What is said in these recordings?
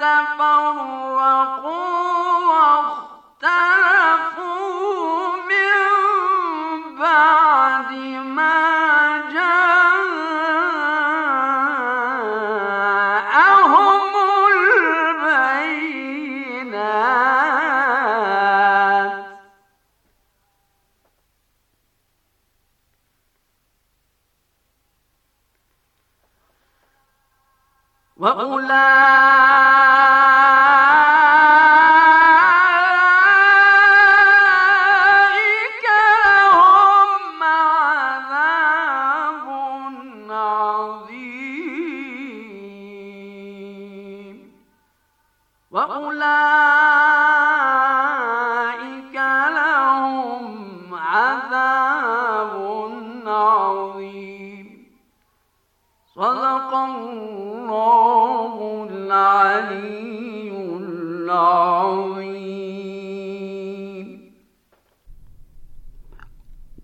تفرقوا واختاروا 王宝拉。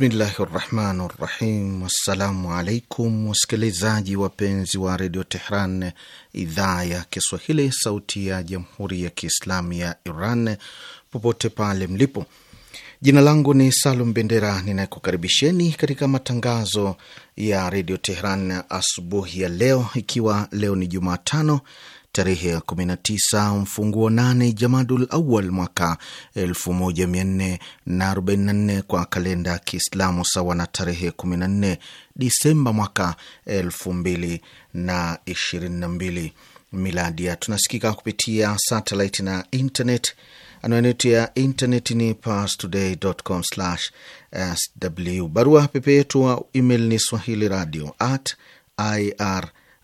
Bismillahi rahmani rahim. Wassalamu alaikum wasikilizaji wapenzi wa redio Tehran, idhaa ya Kiswahili, sauti ya jamhuri ya kiislamu ya Iran, popote pale mlipo. Jina langu ni Salum Bendera, ninakukaribisheni katika matangazo ya redio Tehran asubuhi ya leo, ikiwa leo ni Jumatano tarehe 19 mfunguo 8 Jamadul Awal mwaka 1444 kwa kalenda ya Kiislamu, sawa na tarehe 14 Disemba mwaka 2022 miladia. Tunasikika kupitia satellite na internet. Anwani yetu ya internet ni parstoday.com/sw. Barua pepe yetu wa email ni swahili radio at ir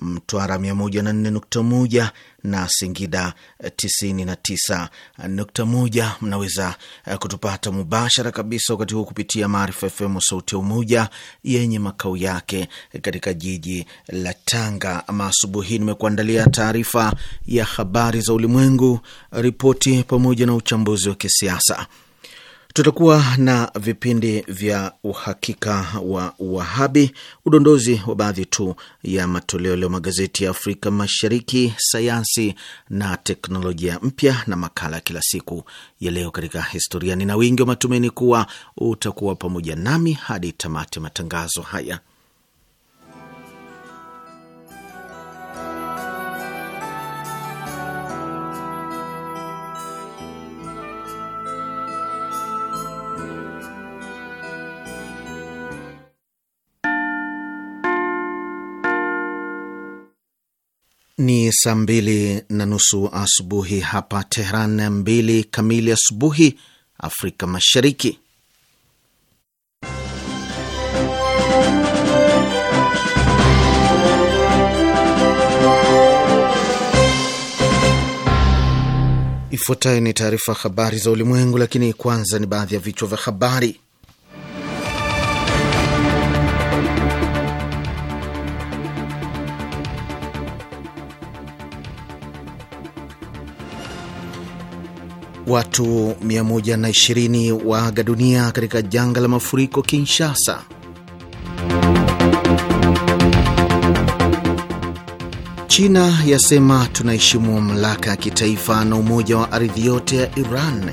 Mtwara 104.1 na Singida 99.1. Mnaweza eh, kutupata mubashara kabisa wakati huu kupitia Maarifa FM sauti ya Umoja yenye makao yake katika jiji la Tanga. Ama asubuhi nimekuandalia taarifa ya habari za ulimwengu, ripoti pamoja na uchambuzi wa kisiasa. Tutakuwa na vipindi vya uhakika wa Wahabi, udondozi wa baadhi tu ya matoleo leo magazeti ya Afrika Mashariki, sayansi na teknolojia mpya, na makala ya kila siku ya leo katika historia. Nina wingi wa matumaini kuwa utakuwa pamoja nami hadi tamati matangazo haya. Ni saa mbili na nusu asubuhi hapa Tehran, mbili kamili asubuhi Afrika Mashariki. Ifuatayo ni taarifa habari za ulimwengu, lakini kwanza ni baadhi ya vichwa vya habari. Watu 120 waaga dunia katika janga la mafuriko Kinshasa. China yasema tunaheshimu mamlaka ya kitaifa na umoja wa ardhi yote ya Iran.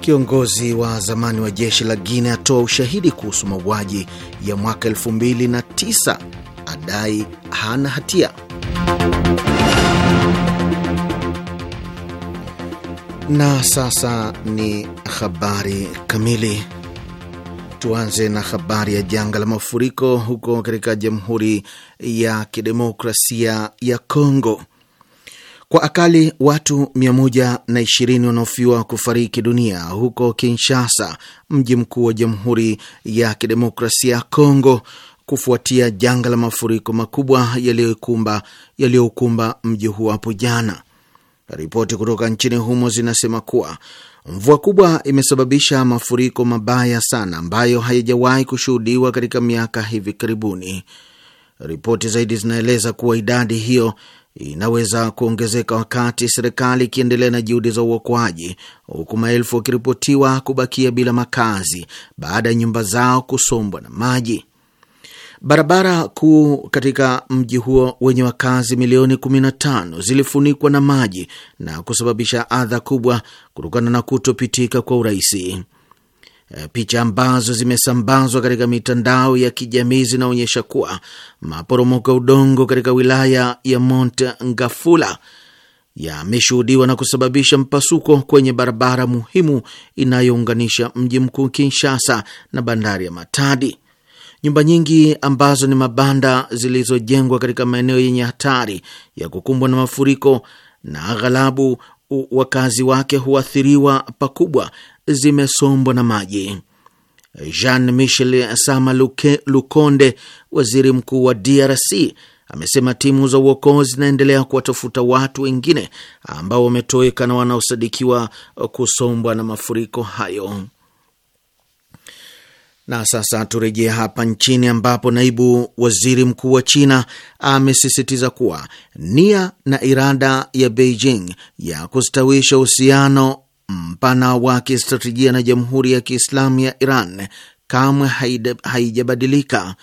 Kiongozi wa zamani wa jeshi la Guinea atoa ushahidi kuhusu mauaji ya mwaka 2009, adai hana hatia. Na sasa ni habari kamili. Tuanze na habari ya janga la mafuriko huko katika Jamhuri ya Kidemokrasia ya Kongo. Kwa akali watu 120 wanaofiwa kufariki dunia huko Kinshasa, mji mkuu wa Jamhuri ya Kidemokrasia ya Kongo, kufuatia janga la mafuriko makubwa yaliyokumba yaliyokumba mji huo hapo jana. Ripoti kutoka nchini humo zinasema kuwa mvua kubwa imesababisha mafuriko mabaya sana ambayo haijawahi kushuhudiwa katika miaka hivi karibuni. Ripoti zaidi zinaeleza kuwa idadi hiyo inaweza kuongezeka wakati serikali ikiendelea na juhudi za uokoaji, huku maelfu wakiripotiwa kubakia bila makazi baada ya nyumba zao kusombwa na maji. Barabara kuu katika mji huo wenye wakazi milioni 15 zilifunikwa na maji na kusababisha adha kubwa kutokana na kutopitika kwa urahisi. E, picha ambazo zimesambazwa katika mitandao ya kijamii zinaonyesha kuwa maporomoko ya udongo katika wilaya ya mont Ngafula yameshuhudiwa na kusababisha mpasuko kwenye barabara muhimu inayounganisha mji mkuu Kinshasa na bandari ya Matadi. Nyumba nyingi ambazo ni mabanda zilizojengwa katika maeneo yenye hatari ya kukumbwa na mafuriko na aghalabu wakazi wake huathiriwa pakubwa, zimesombwa na maji. Jean Michel Sama Luke, Lukonde, waziri mkuu wa DRC, amesema timu za uokozi zinaendelea kuwatafuta watu wengine ambao wametoweka na wanaosadikiwa kusombwa na mafuriko hayo. Na sasa turejee hapa nchini ambapo naibu waziri mkuu wa China amesisitiza kuwa nia na irada ya Beijing ya kustawisha uhusiano mpana wa kistratejia na Jamhuri ya Kiislamu ya Iran kamwe haijabadilika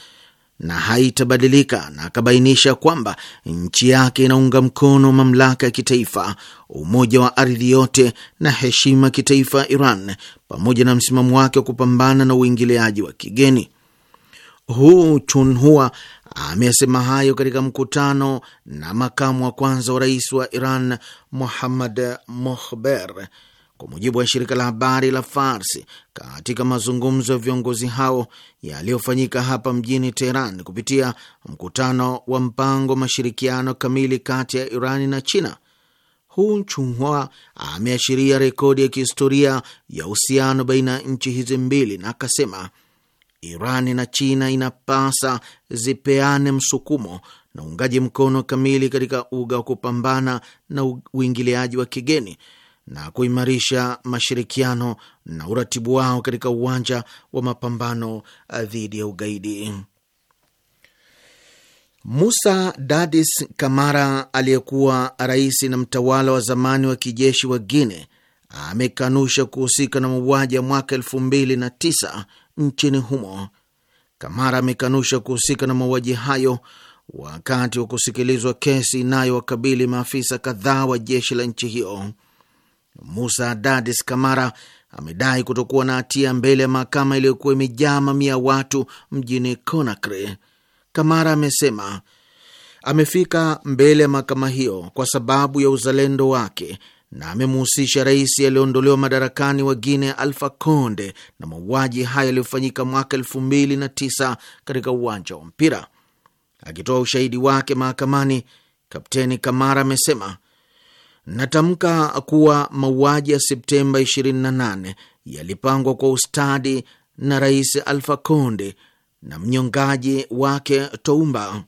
na haitabadilika, na akabainisha kwamba nchi yake inaunga mkono mamlaka ya kitaifa, umoja wa ardhi yote na heshima ya kitaifa ya Iran, pamoja na msimamo wake wa kupambana na uingiliaji wa kigeni. Hu Chunhua amesema hayo katika mkutano na makamu wa kwanza wa rais wa Iran Muhammad mohber kwa mujibu wa shirika la habari la Farsi. Katika mazungumzo ya viongozi hao yaliyofanyika hapa mjini Teheran kupitia mkutano wa mpango mashirikiano kamili kati ya Irani na China, Hu Chunhua ameashiria rekodi ya kihistoria ya uhusiano baina ya nchi hizi mbili na akasema Irani na China inapasa zipeane msukumo na uungaji mkono kamili katika uga wa kupambana na uingiliaji wa kigeni na kuimarisha mashirikiano na uratibu wao katika uwanja wa mapambano uh, dhidi ya ugaidi. Musa Dadis Kamara aliyekuwa rais na mtawala wa zamani wa kijeshi wa Guine amekanusha kuhusika na mauaji ya mwaka elfu mbili na tisa nchini humo. Kamara amekanusha kuhusika na mauaji hayo wakati wa kusikilizwa kesi inayowakabili maafisa kadhaa wa jeshi la nchi hiyo. Musa Dadis Kamara amedai kutokuwa na hatia mbele ya mahakama iliyokuwa imejaa mamia ya watu mjini Conakry. Kamara amesema amefika mbele ya mahakama hiyo kwa sababu ya uzalendo wake na amemhusisha rais aliyeondolewa madarakani wa Guinea Alfa Conde na mauaji haya yaliyofanyika mwaka elfu mbili na tisa katika uwanja wa mpira. Akitoa ushahidi wake mahakamani, Kapteni Kamara amesema Natamka kuwa mauaji ya Septemba 28 yalipangwa kwa ustadi na Rais Alfa Conde na mnyongaji wake Toumba.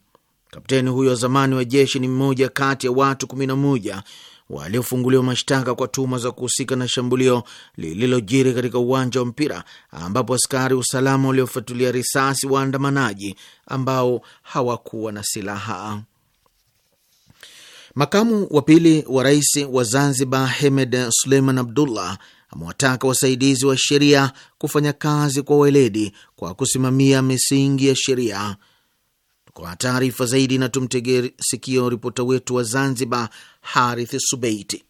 Kapteni huyo wa zamani wa jeshi ni mmoja kati ya watu 11 waliofunguliwa mashtaka kwa tuhuma za kuhusika na shambulio lililojiri katika uwanja wa mpira ambapo askari usalama waliofatulia risasi waandamanaji ambao hawakuwa na silaha. Makamu wa pili wa rais wa Zanzibar Hemed Suleiman Abdullah amewataka wasaidizi wa sheria kufanya kazi kwa weledi kwa kusimamia misingi ya sheria. Kwa taarifa zaidi, na tumtegee sikio ripota wetu wa Zanzibar Harith Subeiti.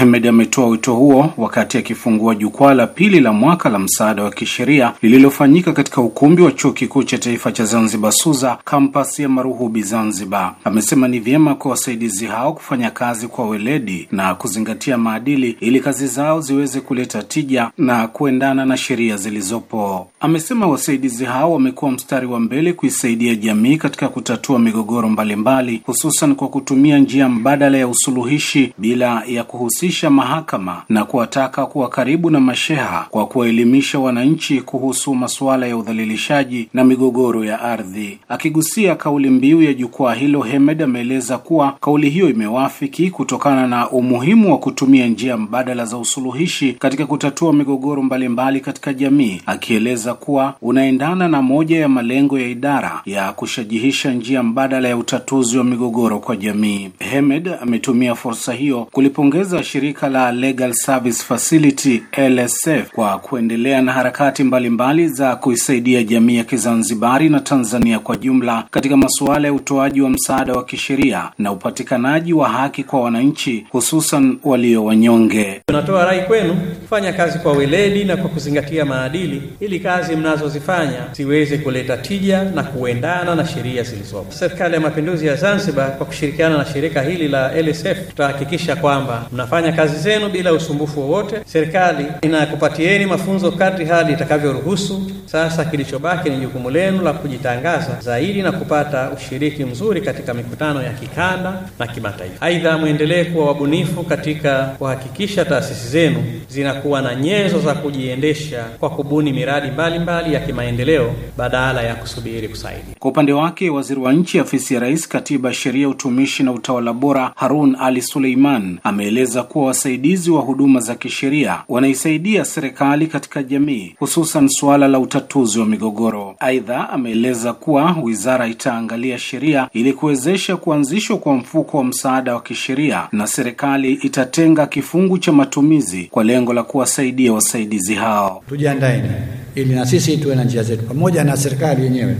Mohamed ametoa wito huo wakati akifungua jukwaa la pili la mwaka la msaada wa kisheria lililofanyika katika ukumbi wa Chuo Kikuu cha Taifa cha Zanzibar Suza, kampasi ya Maruhubi Zanzibar. Amesema ni vyema kwa wasaidizi hao kufanya kazi kwa weledi na kuzingatia maadili ili kazi zao ziweze kuleta tija na kuendana na sheria zilizopo. Amesema wasaidizi hao wamekuwa mstari wa mbele kuisaidia jamii katika kutatua migogoro mbalimbali, hususan kwa kutumia njia mbadala ya usuluhishi bila ya kuhusisha kuitisha mahakama na kuwataka kuwa karibu na masheha kwa kuwaelimisha wananchi kuhusu masuala ya udhalilishaji na migogoro ya ardhi. Akigusia kauli mbiu ya jukwaa hilo, Hemed ameeleza kuwa kauli hiyo imewafiki kutokana na umuhimu wa kutumia njia mbadala za usuluhishi katika kutatua migogoro mbalimbali mbali katika jamii, akieleza kuwa unaendana na moja ya malengo ya idara ya kushajihisha njia mbadala ya utatuzi wa migogoro kwa jamii. Hemed ametumia fursa hiyo kulipongeza shirika la Legal Service Facility LSF kwa kuendelea na harakati mbalimbali mbali za kuisaidia jamii ya Kizanzibari na Tanzania kwa jumla katika masuala ya utoaji wa msaada wa kisheria na upatikanaji wa haki kwa wananchi hususan walio wanyonge. Tunatoa rai kwenu kufanya kazi kwa weledi na kwa kuzingatia maadili ili kazi mnazozifanya ziweze kuleta tija na kuendana na sheria zilizopo. Serikali ya Mapinduzi ya Zanzibar kwa kushirikiana na shirika hili la LSF tutahakikisha kwamba mnafanya kufanya kazi zenu bila usumbufu wowote. Serikali inakupatieni mafunzo kadri hali itakavyoruhusu. Sasa kilichobaki ni jukumu lenu la kujitangaza zaidi na kupata ushiriki mzuri katika mikutano ya kikanda na kimataifa. Aidha, mwendelee kuwa wabunifu katika kuhakikisha taasisi zenu zinakuwa na nyenzo za kujiendesha kwa kubuni miradi mbalimbali mbali ya kimaendeleo badala ya kusubiri kusaidia. Kwa upande wake, waziri wa nchi ofisi ya Rais, Katiba, Sheria, Utumishi na Utawala Bora, Harun Ali Suleiman ameeleza kuwa kuwa wasaidizi wa huduma za kisheria wanaisaidia serikali katika jamii, hususan suala la utatuzi wa migogoro. Aidha, ameeleza kuwa wizara itaangalia sheria ili kuwezesha kuanzishwa kwa mfuko wa msaada wa kisheria, na serikali itatenga kifungu cha matumizi kwa lengo la kuwasaidia wasaidizi hao. Tujiandaeni ili na sisi tuwe na njia zetu pamoja na serikali yenyewe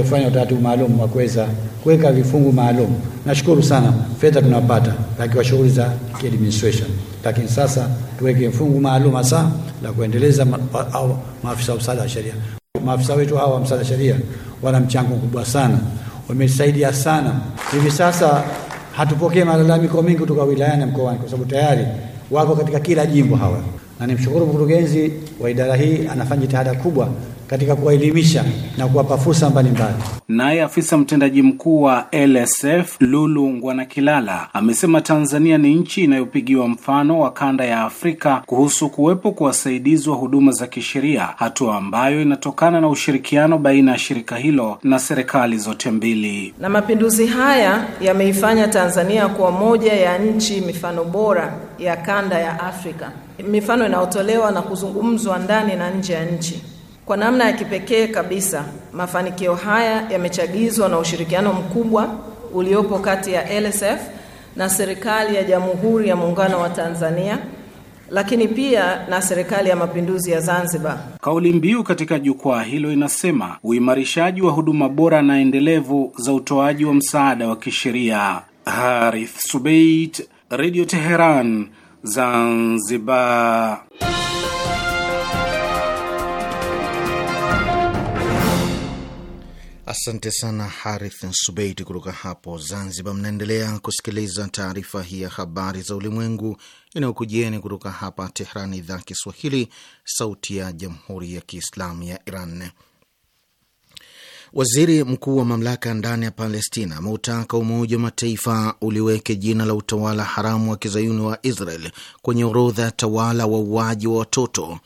kufanya utaratibu maalum wa kuweza kuweka vifungu maalum. Nashukuru sana, fedha tunapata takiwa shughuli za administration, lakini sasa tuweke mfungu maalum hasa la kuendeleza ma, au maafisa wa msaada wa sheria. Maafisa wetu hawa wa msaada wa sheria wana mchango mkubwa sana, wamesaidia sana. Hivi sasa hatupokee malalamiko mengi kutoka wilaya na mkoani, kwa sababu tayari wako katika kila jimbo hawa, na nimshukuru mkurugenzi wa idara hii anafanya jitihada kubwa katika kuwaelimisha na kuwapa fursa mbalimbali. Naye afisa mtendaji mkuu wa LSF Lulu Ngwanakilala amesema Tanzania ni nchi inayopigiwa mfano wa kanda ya Afrika kuhusu kuwepo kwa wasaidizi wa huduma za kisheria, hatua ambayo inatokana na ushirikiano baina ya shirika hilo na serikali zote mbili. Na mapinduzi haya yameifanya Tanzania kuwa moja ya nchi mifano bora ya kanda ya Afrika, mifano inayotolewa na kuzungumzwa ndani na nje ya nchi. Kwa namna ya kipekee kabisa, mafanikio haya yamechagizwa na ushirikiano mkubwa uliopo kati ya LSF na serikali ya Jamhuri ya Muungano wa Tanzania lakini pia na serikali ya mapinduzi ya Zanzibar. Kauli mbiu katika jukwaa hilo inasema uimarishaji wa huduma bora na endelevu za utoaji wa msaada wa kisheria. Harith Subait, Radio Teheran, Zanzibar. Asante sana Harith Subeit kutoka hapo Zanzibar. Mnaendelea kusikiliza taarifa hii ya habari za ulimwengu inayokujieni kutoka hapa Tehran, idhaa Kiswahili, sauti ya jamhuri ya kiislamu ya Iran. Waziri mkuu wa mamlaka ndani ya Palestina ameutaka Umoja wa Mataifa uliweke jina la utawala haramu wa kizayuni wa Israel kwenye orodha ya tawala wauaji wa watoto wa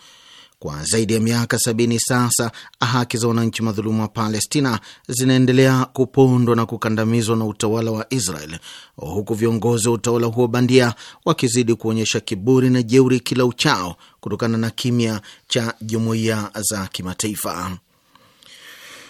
kwa zaidi ya miaka sabini sasa, haki za wananchi madhulumu wa Palestina zinaendelea kupondwa na kukandamizwa na utawala wa Israel, huku viongozi wa utawala huo bandia wakizidi kuonyesha kiburi na jeuri kila uchao kutokana na kimya cha jumuiya za kimataifa.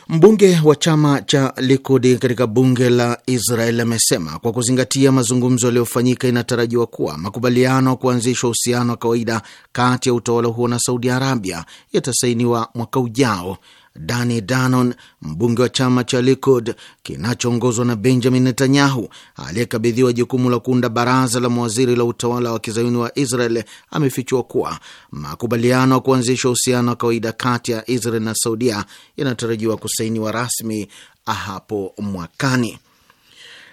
Mbunge wa chama cha Likudi katika bunge la Israel amesema kwa kuzingatia mazungumzo yaliyofanyika, inatarajiwa kuwa makubaliano ya kuanzishwa uhusiano wa kawaida kati ya utawala huo na Saudi Arabia yatasainiwa mwaka ujao Dani Danon, mbunge wa chama cha Likud kinachoongozwa na Benjamin Netanyahu, aliyekabidhiwa jukumu la kuunda baraza la mawaziri la utawala wa kizayuni wa Israel, amefichua kuwa makubaliano ya kuanzisha uhusiano wa kawaida kati ya Israel na Saudia yanatarajiwa kusainiwa rasmi hapo mwakani.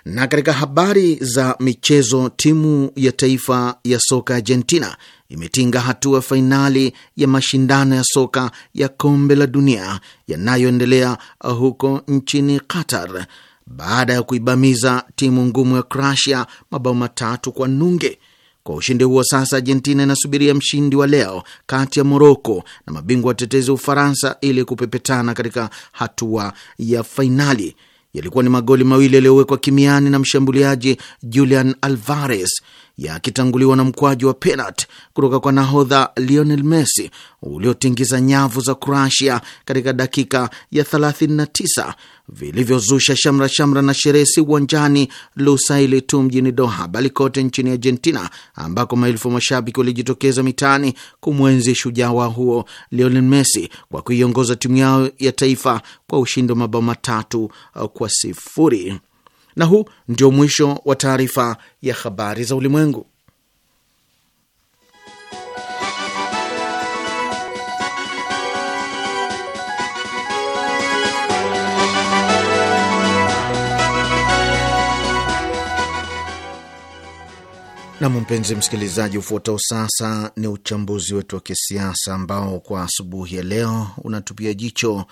Na katika habari za michezo, timu ya taifa ya soka Argentina imetinga hatua fainali ya mashindano ya soka ya kombe la dunia yanayoendelea huko nchini Qatar baada ya kuibamiza timu ngumu ya Croatia mabao matatu kwa nunge. Kwa ushindi huo sasa Argentina inasubiria mshindi wa leo kati ya Moroko na mabingwa watetezi wa Ufaransa ili kupepetana katika hatua ya fainali yalikuwa ni magoli mawili yaliyowekwa kimiani na mshambuliaji Julian Alvarez yakitanguliwa na mkwaji wa penalti kutoka kwa nahodha Lionel Messi uliotingiza nyavu za Kroatia katika dakika ya 39 vilivyozusha shamra shamra na si uwanjani Lusaili tu mjini Doha, bali kote nchini Argentina, ambako maelfu mashabiki walijitokeza mitaani kumwenzi shujaa wa huo Lionel Messi kwa kuiongoza timu yao ya taifa kwa ushindi wa mabao matatu kwa sifuri. Na huu ndio mwisho wa taarifa ya habari za ulimwengu. Nam, mpenzi msikilizaji, ufuatao sasa ni uchambuzi wetu wa kisiasa ambao kwa asubuhi ya leo unatupia jicho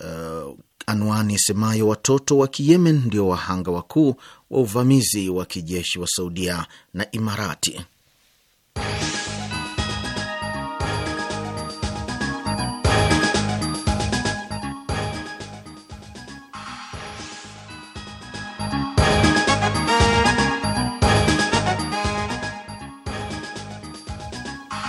uh, anwani isemayo watoto wa Kiyemen ndio wahanga wakuu wa uvamizi wa kijeshi wa Saudia na Imarati.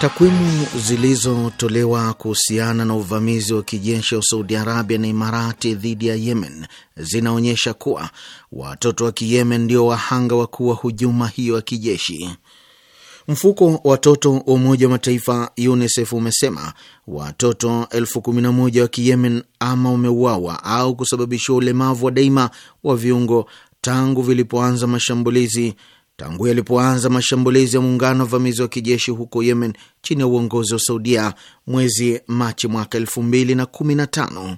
Takwimu zilizotolewa kuhusiana na uvamizi wa kijeshi wa Saudi Arabia na Imarati dhidi ya Yemen zinaonyesha kuwa watoto wa Kiyemen ndio wahanga wakuu wa hujuma hiyo ya kijeshi. Mfuko wa watoto wa Umoja wa Mataifa UNICEF umesema watoto elfu kumi na moja wa Kiyemen ama wameuawa au kusababishiwa ulemavu wa daima wa viungo tangu vilipoanza mashambulizi tangu yalipoanza mashambulizi ya muungano wa vamizi wa kijeshi huko Yemen chini ya uongozi wa Saudia mwezi Machi mwaka elfu mbili na kumi na tano.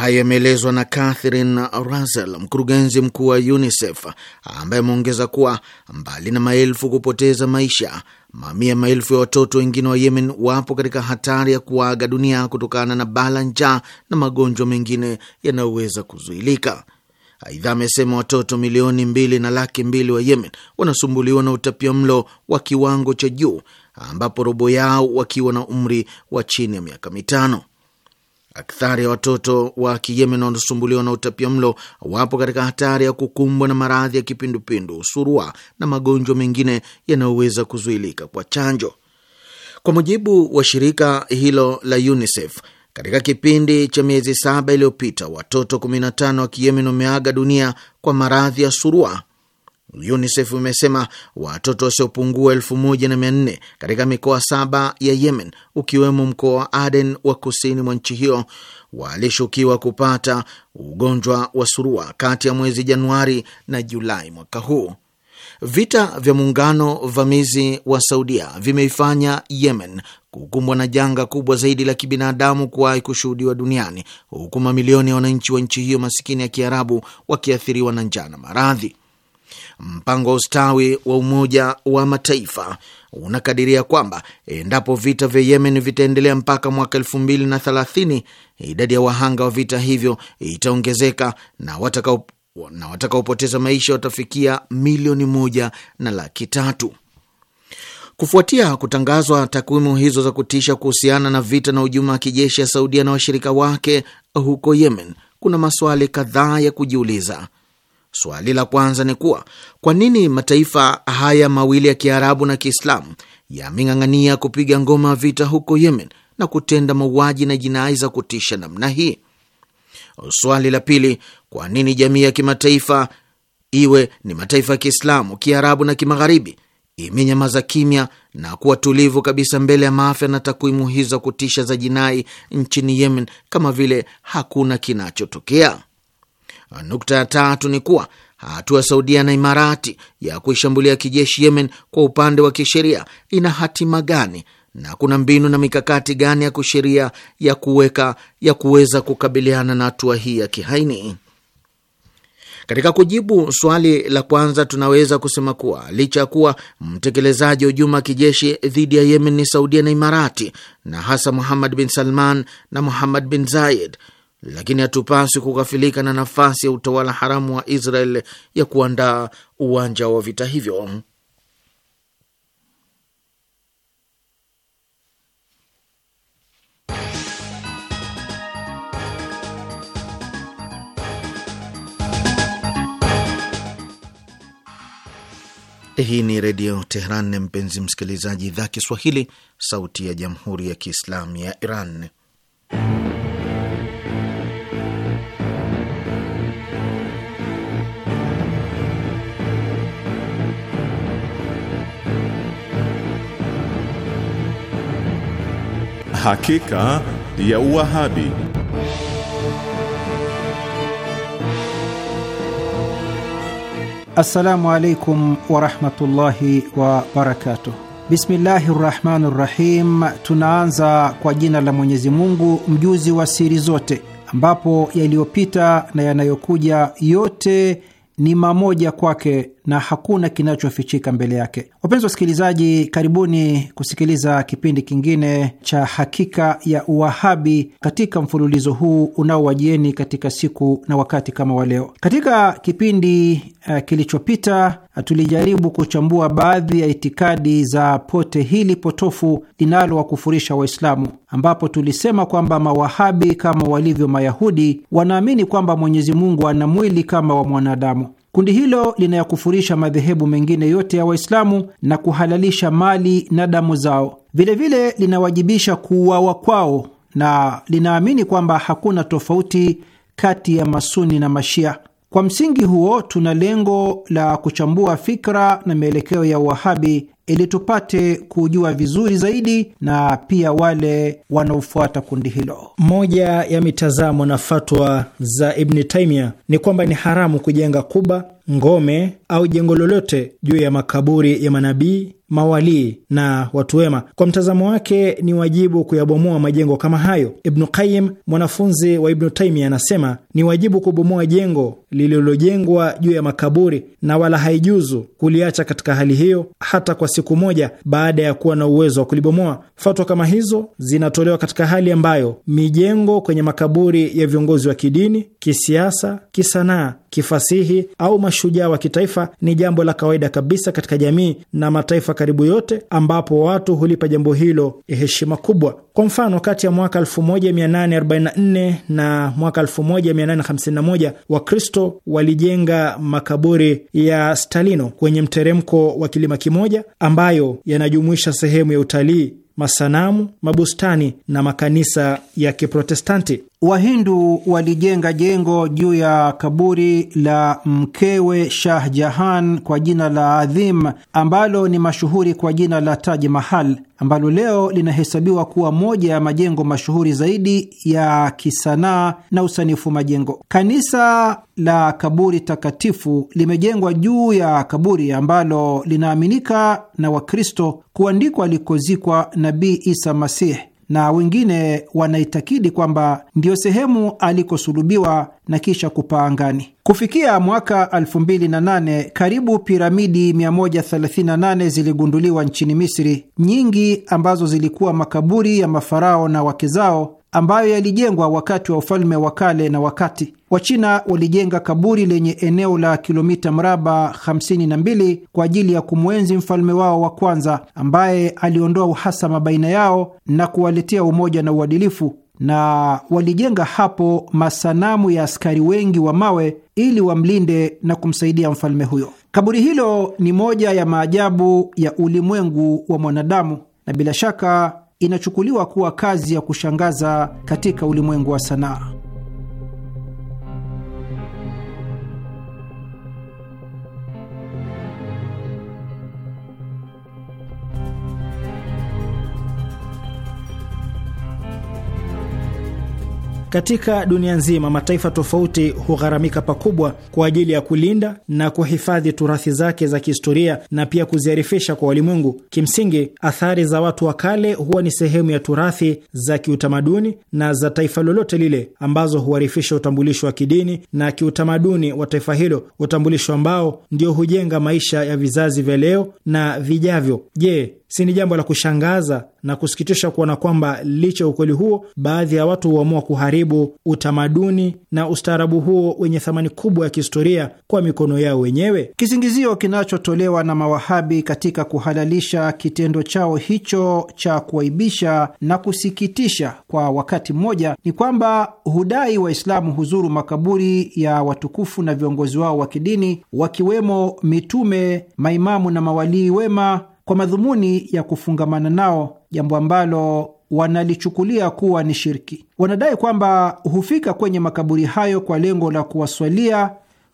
Haya yameelezwa na Catherine Russell, mkurugenzi mkuu wa UNICEF, ambaye ameongeza kuwa mbali na maelfu kupoteza maisha, mamia maelfu ya watoto wengine wa Yemen wapo katika hatari ya kuaga dunia kutokana na bala njaa na magonjwa mengine yanayoweza kuzuilika. Aidha amesema watoto milioni mbili na laki mbili wa Yemen wanasumbuliwa na utapia mlo wa kiwango cha juu, ambapo robo yao wakiwa na umri wa chini ya miaka mitano. Akthari ya watoto wa Kiyemen wanaosumbuliwa na utapia mlo wapo katika hatari ya kukumbwa na maradhi ya kipindupindu, surua na magonjwa mengine yanayoweza kuzuilika kwa chanjo, kwa mujibu wa shirika hilo la UNICEF. Katika kipindi cha miezi saba iliyopita watoto 15 wa Kiyemen wameaga dunia kwa maradhi ya surua. UNICEF imesema watoto wasiopungua 14 katika mikoa saba ya Yemen, ukiwemo mkoa wa Aden wa kusini mwa nchi hiyo walishukiwa kupata ugonjwa wa surua kati ya mwezi Januari na Julai mwaka huu. Vita vya muungano vamizi wa Saudia vimeifanya Yemen kukumbwa na janga kubwa zaidi la kibinadamu kuwahi kushuhudiwa duniani, huku mamilioni ya wananchi wa nchi hiyo masikini ya Kiarabu wakiathiriwa na njaa na maradhi. Mpango wa ustawi wa Umoja wa Mataifa unakadiria kwamba endapo vita vya Yemen vitaendelea mpaka mwaka elfu mbili na thelathini idadi ya wahanga wa vita hivyo itaongezeka na watakaopoteza na watakaopoteza maisha watafikia milioni moja na laki tatu. Kufuatia kutangazwa takwimu hizo za kutisha kuhusiana na vita na hujuma wa kijeshi ya Saudia na washirika wake huko Yemen, kuna maswali kadhaa ya kujiuliza. Swali la kwanza ni kuwa kwa nini mataifa haya mawili ya Kiarabu na Kiislamu yameng'ang'ania kupiga ngoma vita huko Yemen na kutenda mauaji na jinai za kutisha namna hii? Swali la pili, kwa nini jamii ya kimataifa, iwe ni mataifa ya Kiislamu, Kiarabu na Kimagharibi, imenyamaza kimya na kuwa tulivu kabisa mbele ya maafya na takwimu hizo za kutisha za jinai nchini Yemen, kama vile hakuna kinachotokea. Nukta ya tatu ni kuwa hatua ya Saudia na Imarati ya kuishambulia kijeshi Yemen kwa upande wa kisheria ina hatima gani na kuna mbinu na mikakati gani ya kisheria ya kuweka ya kuweza kukabiliana na hatua hii ya kihaini? Katika kujibu swali la kwanza, tunaweza kusema kuwa licha ya kuwa mtekelezaji wa hujuma kijeshi dhidi ya Yemen ni Saudia na Imarati na hasa Muhammad bin Salman na Muhammad bin Zayed, lakini hatupaswi kughafilika na nafasi ya utawala haramu wa Israel ya kuandaa uwanja wa vita hivyo. Hii ni Redio Tehran, mpenzi msikilizaji, idhaa Kiswahili, sauti ya jamhuri ya kiislamu ya Iran. Hakika ya Uwahabi. Assalamu alaikum warahmatullahi wabarakatuh. Bismillahi rahmani rahim. Tunaanza kwa jina la Mwenyezi Mungu mjuzi wa siri zote, ambapo yaliyopita na yanayokuja yote ni mamoja kwake na hakuna kinachofichika mbele yake. Wapenzi wasikilizaji, karibuni kusikiliza kipindi kingine cha Hakika ya Uwahabi katika mfululizo huu unaowajieni katika siku na wakati kama wa leo. Katika kipindi uh, kilichopita eh, tulijaribu kuchambua baadhi ya itikadi za pote hili potofu linalowakufurisha Waislamu, ambapo tulisema kwamba mawahabi kama walivyo Mayahudi wanaamini kwamba Mwenyezi Mungu ana mwili kama wa mwanadamu. Kundi hilo linayakufurisha madhehebu mengine yote ya Waislamu na kuhalalisha mali na damu zao. Vilevile linawajibisha kuuawa kwao na linaamini kwamba hakuna tofauti kati ya masuni na mashia. Kwa msingi huo, tuna lengo la kuchambua fikra na mielekeo ya Wahabi ili tupate kujua vizuri zaidi na pia wale wanaofuata kundi hilo. Moja ya mitazamo na fatwa za Ibni Taimia ni kwamba ni haramu kujenga kuba, ngome au jengo lolote juu ya makaburi ya manabii, mawalii na watu wema. Kwa mtazamo wake, ni wajibu kuyabomoa majengo kama hayo. Ibnu Qayim, mwanafunzi wa Ibnu Taimia, anasema ni wajibu kubomoa jengo lililojengwa juu ya makaburi na wala haijuzu kuliacha katika hali hiyo hata kwa siku moja baada ya kuwa na uwezo wa kulibomoa. Fatwa kama hizo zinatolewa katika hali ambayo mijengo kwenye makaburi ya viongozi wa kidini, kisiasa, kisanaa kifasihi au mashujaa wa kitaifa ni jambo la kawaida kabisa katika jamii na mataifa karibu yote, ambapo watu hulipa jambo hilo heshima kubwa. Kwa mfano, kati ya mwaka 1844 na mwaka 1851 Wakristo walijenga makaburi ya Stalino kwenye mteremko wa kilima kimoja ambayo yanajumuisha sehemu ya utalii, masanamu, mabustani na makanisa ya Kiprotestanti. Wahindu walijenga jengo juu ya kaburi la mkewe Shah Jahan kwa jina la Adhim ambalo ni mashuhuri kwa jina la Taj Mahal ambalo leo linahesabiwa kuwa moja ya majengo mashuhuri zaidi ya kisanaa na usanifu majengo. Kanisa la kaburi takatifu limejengwa juu ya kaburi ambalo linaaminika na Wakristo kuandikwa alikozikwa Nabii Isa Masih na wengine wanaitakidi kwamba ndiyo sehemu alikosulubiwa na kisha kupaa angani. Kufikia mwaka 2008 karibu piramidi 138 ziligunduliwa nchini Misri, nyingi ambazo zilikuwa makaburi ya mafarao na wake zao ambayo yalijengwa wakati wa ufalme wa kale na wakati Wachina walijenga kaburi lenye eneo la kilomita mraba 52 kwa ajili ya kumwenzi mfalme wao wa kwanza ambaye aliondoa uhasama baina yao na kuwaletea umoja na uadilifu, na walijenga hapo masanamu ya askari wengi wa mawe ili wamlinde na kumsaidia mfalme huyo. Kaburi hilo ni moja ya maajabu ya ulimwengu wa mwanadamu na bila shaka inachukuliwa kuwa kazi ya kushangaza katika ulimwengu wa sanaa. Katika dunia nzima, mataifa tofauti hugharamika pakubwa kwa ajili ya kulinda na kuhifadhi turathi zake za kihistoria na pia kuziarifisha kwa walimwengu. Kimsingi, athari za watu wa kale huwa ni sehemu ya turathi za kiutamaduni na za taifa lolote lile, ambazo huarifisha utambulisho wa kidini na kiutamaduni wa taifa hilo, utambulisho ambao ndio hujenga maisha ya vizazi vya leo na vijavyo. Je, si ni jambo la kushangaza na kusikitisha kuona kwamba licha ya ukweli huo, baadhi ya watu huamua kuharibu kuharibu utamaduni na ustaarabu huo wenye thamani kubwa ya kihistoria kwa mikono yao wenyewe. Kisingizio kinachotolewa na mawahabi katika kuhalalisha kitendo chao hicho cha kuaibisha na kusikitisha kwa wakati mmoja ni kwamba hudai Waislamu huzuru makaburi ya watukufu na viongozi wao wa kidini, wakiwemo mitume, maimamu na mawalii wema kwa madhumuni ya kufungamana nao, jambo ambalo wanalichukulia kuwa ni shirki. Wanadai kwamba hufika kwenye makaburi hayo kwa lengo la kuwaswalia,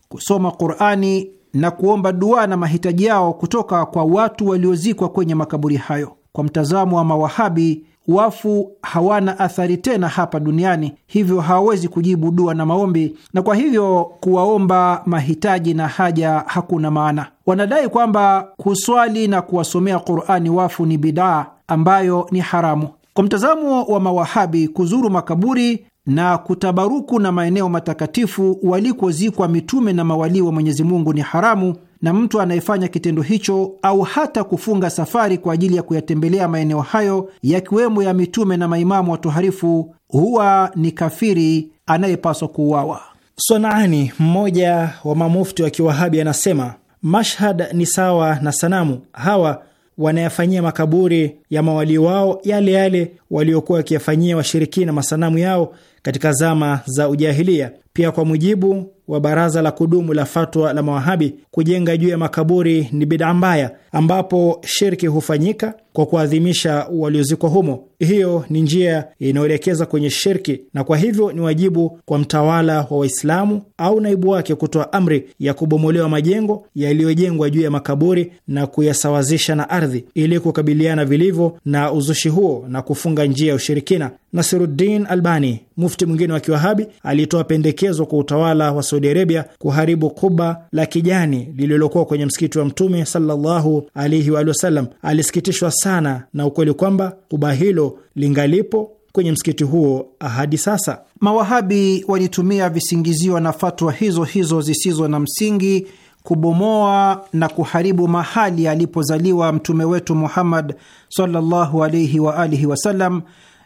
kusoma Qurani na kuomba dua na mahitaji yao kutoka kwa watu waliozikwa kwenye makaburi hayo. Kwa mtazamo wa Mawahabi, wafu hawana athari tena hapa duniani, hivyo hawawezi kujibu dua na maombi, na kwa hivyo kuwaomba mahitaji na haja hakuna maana. Wanadai kwamba kuswali na kuwasomea Qurani wafu ni bidaa ambayo ni haramu. Kwa mtazamo wa Mawahabi, kuzuru makaburi na kutabaruku na maeneo matakatifu walikozikwa mitume na mawalii wa Mwenyezi Mungu ni haramu, na mtu anayefanya kitendo hicho au hata kufunga safari kwa ajili ya kuyatembelea maeneo hayo yakiwemo ya mitume na maimamu watoharifu huwa ni kafiri anayepaswa kuuawa. Swanaani, mmoja wa mamufti wa Kiwahabi, anasema Mashhad ni sawa na sanamu. Hawa wanayafanyia makaburi ya mawalii wao yale yale waliokuwa wakiyafanyia washirikina masanamu yao katika zama za ujahilia. Pia kwa mujibu wa baraza la kudumu la fatwa la mawahabi kujenga juu ya makaburi ni bidaa mbaya, ambapo shirki hufanyika kwa kuadhimisha waliozikwa humo. Hiyo ni njia inayoelekeza kwenye shirki, na kwa hivyo ni wajibu kwa mtawala wa Waislamu au naibu wake kutoa amri ya kubomolewa majengo yaliyojengwa juu ya makaburi na kuyasawazisha na ardhi, ili kukabiliana vilivyo na uzushi huo na kufunga njia ya ushirikina. Nasiruddin Albani mufti mwingine wa Kiwahabi alitoa pendekezo kwa utawala wa Saudi Arabia kuharibu kuba la kijani lililokuwa kwenye msikiti wa Mtume sallallahu alaihi wa sallam. Alisikitishwa sana na ukweli kwamba kuba hilo lingalipo kwenye msikiti huo hadi sasa. Mawahabi walitumia visingizio na fatwa hizo hizo zisizo na msingi kubomoa na kuharibu mahali alipozaliwa mtume wetu Muhammad sallallahu alaihi wa alihi wasallam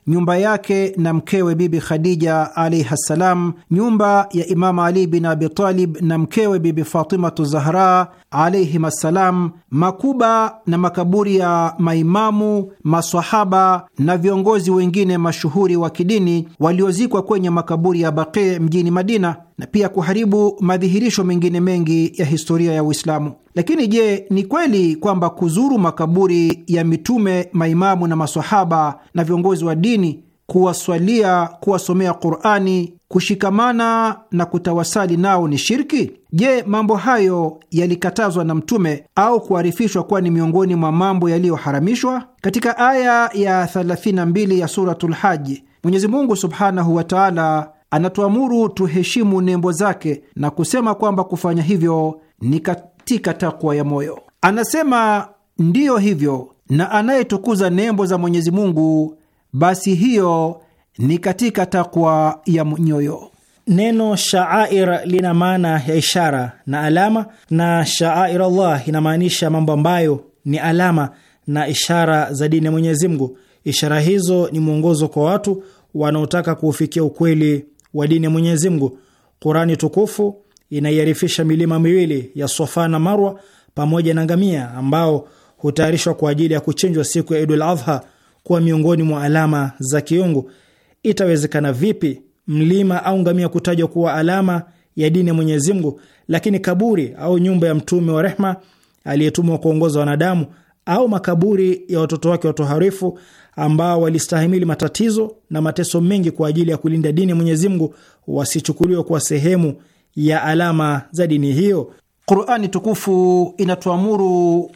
nyumba yake na mkewe Bibi Khadija alaihi ssalam, nyumba ya Imamu Ali bin Abitalib na mkewe Bibi Fatimatu Zahra alaihim assalam makuba na makaburi ya maimamu, masahaba na viongozi wengine mashuhuri wa kidini waliozikwa kwenye makaburi ya Baqi mjini Madina, na pia kuharibu madhihirisho mengine mengi ya historia ya Uislamu. Lakini je, ni kweli kwamba kuzuru makaburi ya mitume, maimamu na masahaba na viongozi wa dini, kuwaswalia, kuwasomea Qurani, kushikamana na kutawasali nao ni shirki? Je, mambo hayo yalikatazwa na Mtume au kuarifishwa kuwa ni miongoni mwa mambo yaliyoharamishwa? Katika aya ya 32 ya Suratul Haji, Mwenyezi Mungu subhanahu wa taala anatuamuru tuheshimu nembo zake na kusema kwamba kufanya hivyo ni kat katika takwa ya moyo. Anasema ndiyo hivyo, na anayetukuza nembo za Mwenyezi Mungu, basi hiyo ni katika takwa ya nyoyo. Neno shaair lina maana ya ishara na alama, na shaair Allah inamaanisha mambo ambayo ni alama na ishara za dini ya Mwenyezi Mungu. Ishara hizo ni mwongozo kwa watu wanaotaka kuufikia ukweli wa dini ya Mwenyezi Mungu. Qurani tukufu inaiarifisha milima miwili ya Sofa na Marwa pamoja na ngamia ambao hutayarishwa kwa ajili ya kuchinjwa siku ya Idul Adha kuwa miongoni mwa alama za kiungu. Itawezekana vipi mlima au ngamia kutajwa kuwa alama ya dini ya Mwenyezi Mungu, lakini kaburi au nyumba ya mtume wa rehma aliyetumwa kuongoza wanadamu au makaburi ya watoto wake watoharifu ambao walistahimili matatizo na mateso mengi kwa ajili ya kulinda dini ya Mwenyezi Mungu wasichukuliwe kuwa sehemu ya alama za dini hiyo. Qurani tukufu inatuamuru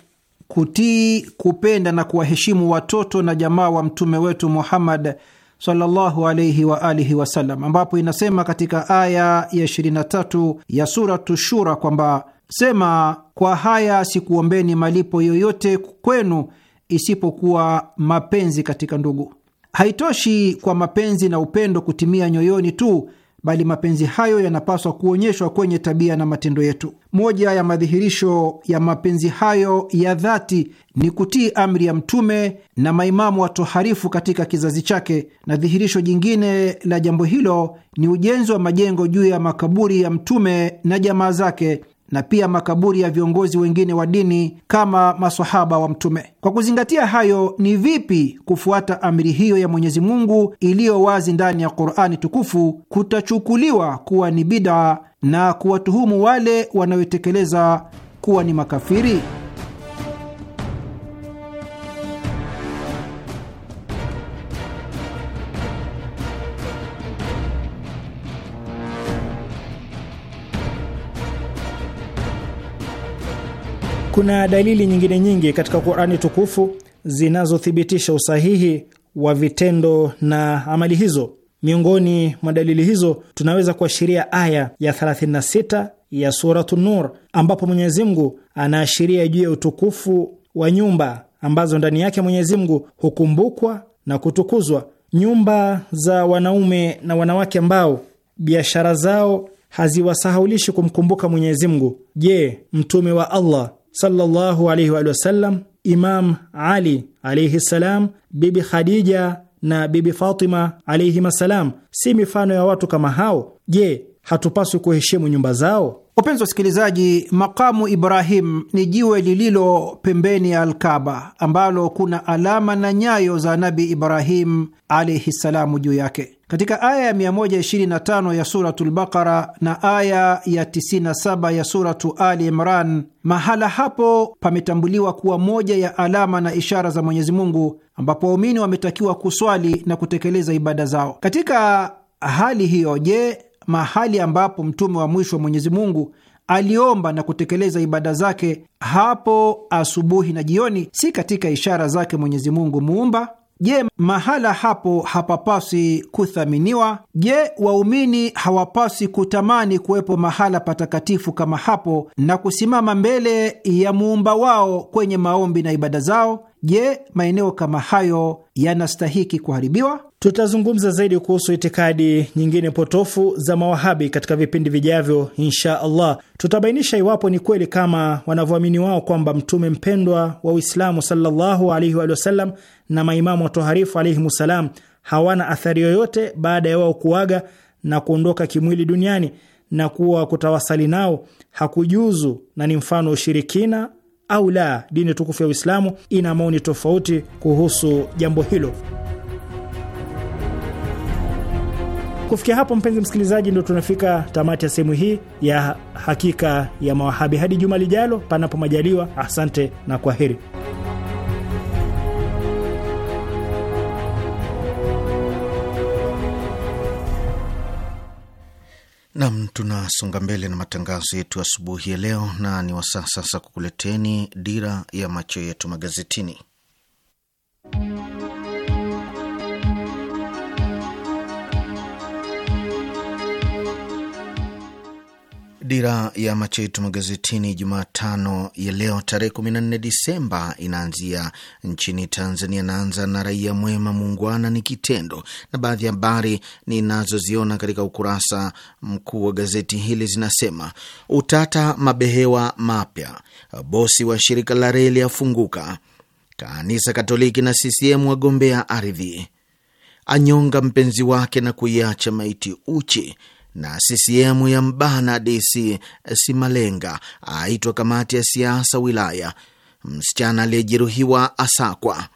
kutii, kupenda na kuwaheshimu watoto na jamaa wa mtume wetu Muhammad sallallahu alayhi wa alihi wasallam, ambapo inasema katika aya ya 23 ya Suratu Shura kwamba sema, kwa haya sikuombeni malipo yoyote kwenu isipokuwa mapenzi katika ndugu. Haitoshi kwa mapenzi na upendo kutimia nyoyoni tu bali mapenzi hayo yanapaswa kuonyeshwa kwenye tabia na matendo yetu. Moja ya madhihirisho ya mapenzi hayo ya dhati ni kutii amri ya Mtume na maimamu watoharifu katika kizazi chake, na dhihirisho jingine la jambo hilo ni ujenzi wa majengo juu ya makaburi ya Mtume na jamaa zake na pia makaburi ya viongozi wengine wa dini kama masahaba wa Mtume. Kwa kuzingatia hayo, ni vipi kufuata amri hiyo ya Mwenyezi Mungu iliyo wazi ndani ya Qur'ani tukufu kutachukuliwa kuwa ni bidaa na kuwatuhumu wale wanaotekeleza kuwa ni makafiri? Kuna dalili nyingine nyingi katika Qur'ani tukufu zinazothibitisha usahihi wa vitendo na amali hizo. Miongoni mwa dalili hizo tunaweza kuashiria aya ya 36 ya Suratu Nur ambapo Mwenyezi Mungu anaashiria juu ya utukufu wa nyumba ambazo ndani yake Mwenyezi Mungu hukumbukwa na kutukuzwa, nyumba za wanaume na wanawake ambao biashara zao haziwasahaulishi kumkumbuka Mwenyezi Mungu. Je, mtume wa Allah sallallahu alaihi wa sallam, Imam Ali alaihi salam, Bibi Khadija na Bibi Fatima alaihim assalam si mifano ya watu kama hao? Je, hatupaswi kuheshimu nyumba zao? Wapenzi wasikilizaji, makamu Ibrahim ni jiwe lililo pembeni ya Alkaba ambalo kuna alama na nyayo za Nabi Ibrahim alaihi salamu juu yake. Katika aya ya 125 ya Suratu Lbaqara na aya ya 97 ya Suratu Ali Imran, mahala hapo pametambuliwa kuwa moja ya alama na ishara za Mwenyezi Mungu, ambapo waumini wametakiwa kuswali na kutekeleza ibada zao. Katika hali hiyo, je, mahali ambapo mtume wa mwisho wa Mwenyezi Mungu aliomba na kutekeleza ibada zake hapo asubuhi na jioni, si katika ishara zake Mwenyezi Mungu muumba? Je, mahala hapo hapapaswi kuthaminiwa? Je, waumini hawapaswi kutamani kuwepo mahala patakatifu kama hapo na kusimama mbele ya muumba wao kwenye maombi na ibada zao? Je, maeneo kama hayo yanastahiki kuharibiwa? Tutazungumza zaidi kuhusu itikadi nyingine potofu za mawahabi katika vipindi vijavyo, insha Allah. Tutabainisha iwapo ni kweli kama wanavyoamini wao kwamba mtume mpendwa wa Uislamu sallallahu alaihi wa sallam na maimamu watoharifu alaihimussalam hawana athari yoyote baada ya wao kuaga na kuondoka kimwili duniani na kuwa kutawasali nao hakujuzu na ni mfano ushirikina au la, dini tukufu ya Uislamu ina maoni tofauti kuhusu jambo hilo. Kufikia hapo, mpenzi msikilizaji, ndio tunafika tamati ya sehemu hii ya Hakika ya Mawahabi. Hadi juma lijalo, panapo majaliwa. Asante na kwa heri Nam, tunasonga mbele na matangazo yetu asubuhi ya leo, na ni wasaa sasa kukuleteni dira ya macho yetu magazetini. Dira ya macho yetu magazetini Jumatano ya leo tarehe 14 Disemba inaanzia nchini Tanzania. Naanza na Raia Mwema, muungwana ni kitendo, na baadhi ya habari ninazoziona katika ukurasa mkuu wa gazeti hili zinasema: utata mabehewa mapya, bosi wa shirika la reli afunguka, kanisa Katoliki na CCM wagombea ardhi, anyonga mpenzi wake na kuiacha maiti uchi na CCM ya mbana DC Simalenga aitwa kamati ya siasa wilaya. Msichana aliyejeruhiwa asakwa.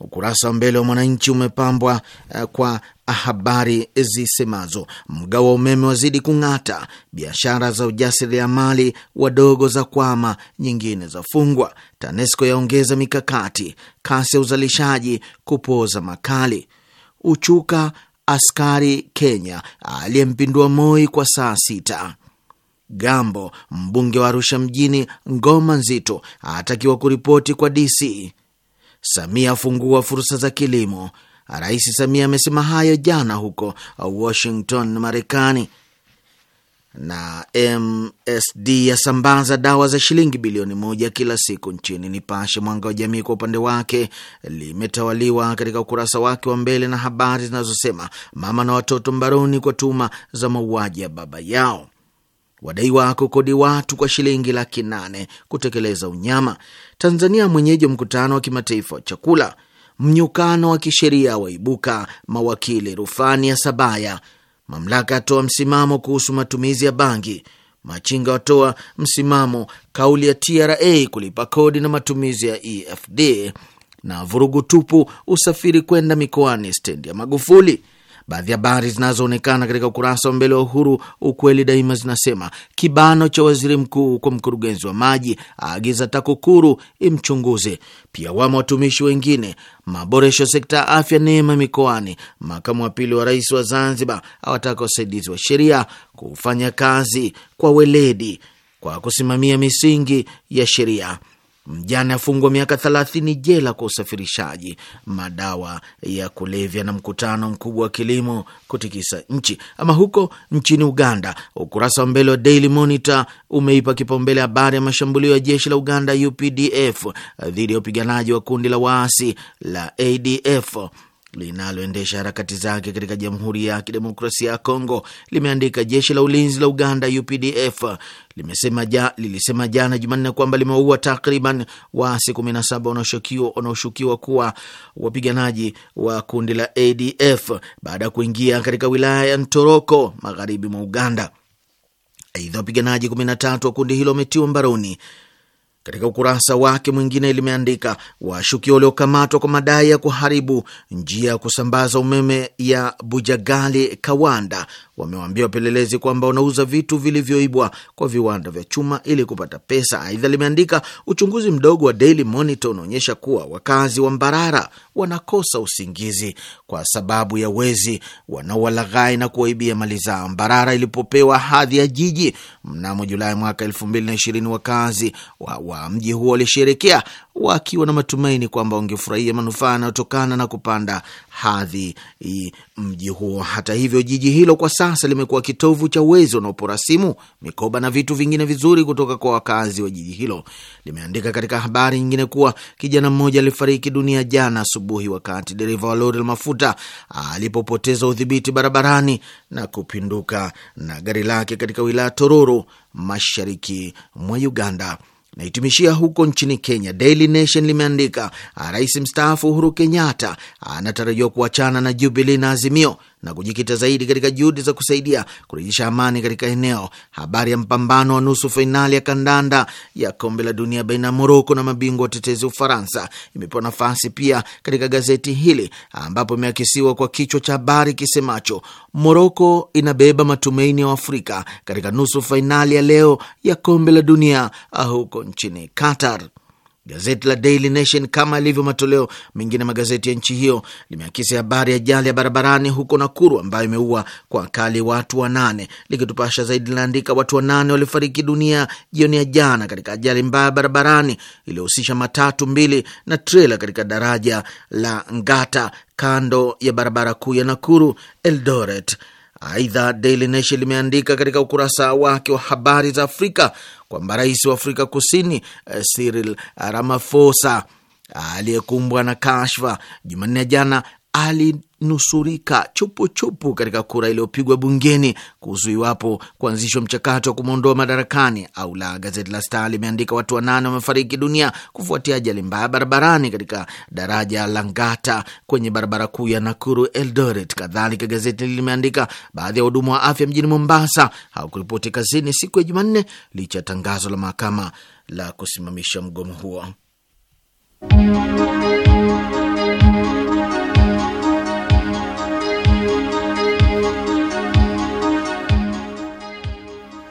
Ukurasa wa mbele wa Mwananchi umepambwa eh, kwa habari zisemazo mgao wa umeme wazidi kung'ata, biashara za ujasiriamali wadogo za kwama, nyingine za fungwa, TANESCO yaongeza mikakati, kasi ya uzalishaji kupoza makali, Uchuka askari Kenya aliyempindua Moi kwa saa sita. Gambo, mbunge wa Arusha Mjini, ngoma nzito, atakiwa kuripoti kwa DC. Samia afungua fursa za kilimo. Rais Samia amesema hayo jana huko Washington, Marekani, na MSD yasambaza dawa za shilingi bilioni moja kila siku nchini. Nipashe Mwanga wa Jamii kwa upande wake limetawaliwa katika ukurasa wake wa mbele na habari zinazosema mama na watoto mbaroni kwa tuma za mauaji ya baba yao, wadaiwa kukodi watu kwa shilingi laki nane kutekeleza unyama. Tanzania mwenyeji wa mkutano wa kimataifa wa chakula, mnyukano wa kisheria waibuka, mawakili rufani ya Sabaya Mamlaka yatoa msimamo kuhusu matumizi ya bangi. Machinga watoa msimamo kauli ya TRA kulipa kodi na matumizi ya EFD. Na vurugu tupu usafiri kwenda mikoani stendi ya Magufuli. Baadhi ya habari zinazoonekana katika ukurasa wa mbele wa Uhuru, Ukweli Daima, zinasema kibano cha waziri mkuu kwa mkurugenzi wa maji, aagiza TAKUKURU imchunguze. Pia wamo watumishi wengine. Maboresho sekta ya afya, neema mikoani. Makamu wa pili wa rais wa Zanzibar awataka wasaidizi wa sheria kufanya kazi kwa weledi kwa kusimamia misingi ya sheria. Mjane afungwa miaka thelathini jela kwa usafirishaji madawa ya kulevya. Na mkutano mkubwa wa kilimo kutikisa nchi. Ama huko nchini Uganda, ukurasa wa mbele wa Daily Monitor umeipa kipaumbele habari ya mashambulio ya jeshi la Uganda UPDF dhidi ya upiganaji wa kundi la waasi la ADF linaloendesha harakati zake katika Jamhuri ya Kidemokrasia ya Kongo limeandika jeshi la ulinzi la Uganda UPDF limesema ja, lilisema jana Jumanne kwamba limeua takriban waasi 17 wanaoshukiwa kuwa wapiganaji wa kundi la ADF baada ya kuingia katika wilaya ya Ntoroko magharibi mwa Uganda. Aidha, wapiganaji 13 wa kundi hilo wametiwa mbaroni katika ukurasa wake mwingine limeandika washukiwa waliokamatwa kwa madai ya kuharibu njia ya kusambaza umeme ya Bujagali Kawanda wamewaambia wapelelezi kwamba wanauza vitu vilivyoibwa kwa viwanda vya chuma ili kupata pesa. Aidha limeandika uchunguzi mdogo wa Daily Monitor unaonyesha kuwa wakazi wa Mbarara wanakosa usingizi kwa sababu ya wezi wanaowalaghai na kuwaibia mali zao. Mbarara ilipopewa hadhi ya jiji mnamo Julai mwaka elfu mbili na ishirini, wakazi wa, wa mji huo walisherekea wakiwa na matumaini kwamba wangefurahia manufaa yanayotokana na kupanda hadhi mji huo. Hata hivyo, jiji hilo kwa sasa limekuwa kitovu cha wezi wanaopora simu, mikoba na vitu vingine vizuri kutoka kwa wakazi wa jiji hilo. Limeandika katika habari nyingine kuwa kijana mmoja alifariki dunia jana asubuhi wakati dereva wa lori la mafuta alipopoteza udhibiti barabarani na kupinduka na gari lake katika wilaya Tororo, mashariki mwa Uganda. Naitumishia huko nchini Kenya. Daily Nation limeandika rais mstaafu Uhuru Kenyatta anatarajiwa kuachana na Jubilee na Azimio na kujikita zaidi katika juhudi za kusaidia kurejesha amani katika eneo. Habari ya mpambano wa nusu fainali ya kandanda ya kombe la dunia baina ya Moroko na mabingwa watetezi Ufaransa imepewa nafasi pia katika gazeti hili, ambapo imeakisiwa kwa kichwa cha habari kisemacho Moroko inabeba matumaini ya Afrika katika nusu fainali ya leo ya kombe la dunia huko nchini Qatar. Gazeti la Daily Nation kama ilivyo matoleo mengine magazeti ya nchi hiyo limeakisi habari ya ajali ya barabarani huko Nakuru ambayo imeua kwa akali watu wanane. Likitupasha zaidi linaandika watu wanane walifariki dunia jioni ya jana katika ajali mbaya barabarani iliyohusisha matatu mbili na trela katika daraja la Ngata kando ya barabara kuu ya Nakuru Eldoret. Aidha, Daily Nation limeandika katika ukurasa wake wa habari za Afrika kwamba rais wa Afrika Kusini eh, Cyril Ramaphosa aliyekumbwa na kashfa Jumanne jana alinusurika chupuchupu katika kura iliyopigwa bungeni kuhusu iwapo kuanzishwa mchakato wa kumwondoa madarakani au la. Gazeti la Star limeandika watu wanane wamefariki dunia kufuatia ajali mbaya barabarani katika daraja la Ngata kwenye barabara kuu ya Nakuru Eldoret. Kadhalika, gazeti limeandika baadhi ya wahudumu wa afya mjini Mombasa hawakuripoti kazini siku ya Jumanne licha ya tangazo la mahakama la kusimamisha mgomo huo.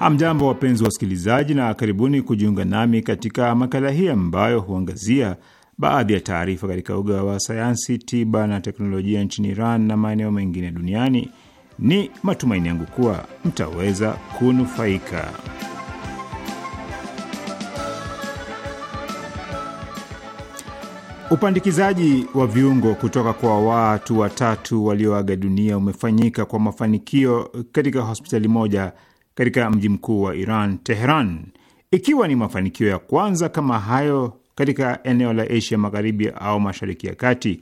Hamjambo, wapenzi wa wasikilizaji, na karibuni kujiunga nami katika makala hii ambayo huangazia baadhi ya taarifa katika uga wa sayansi, tiba na teknolojia nchini Iran na maeneo mengine duniani. Ni matumaini yangu kuwa mtaweza kunufaika. Upandikizaji wa viungo kutoka kwa watu watatu walioaga dunia umefanyika kwa mafanikio katika hospitali moja katika mji mkuu wa Iran, Teheran, ikiwa ni mafanikio ya kwanza kama hayo katika eneo la Asia Magharibi au Mashariki ya Kati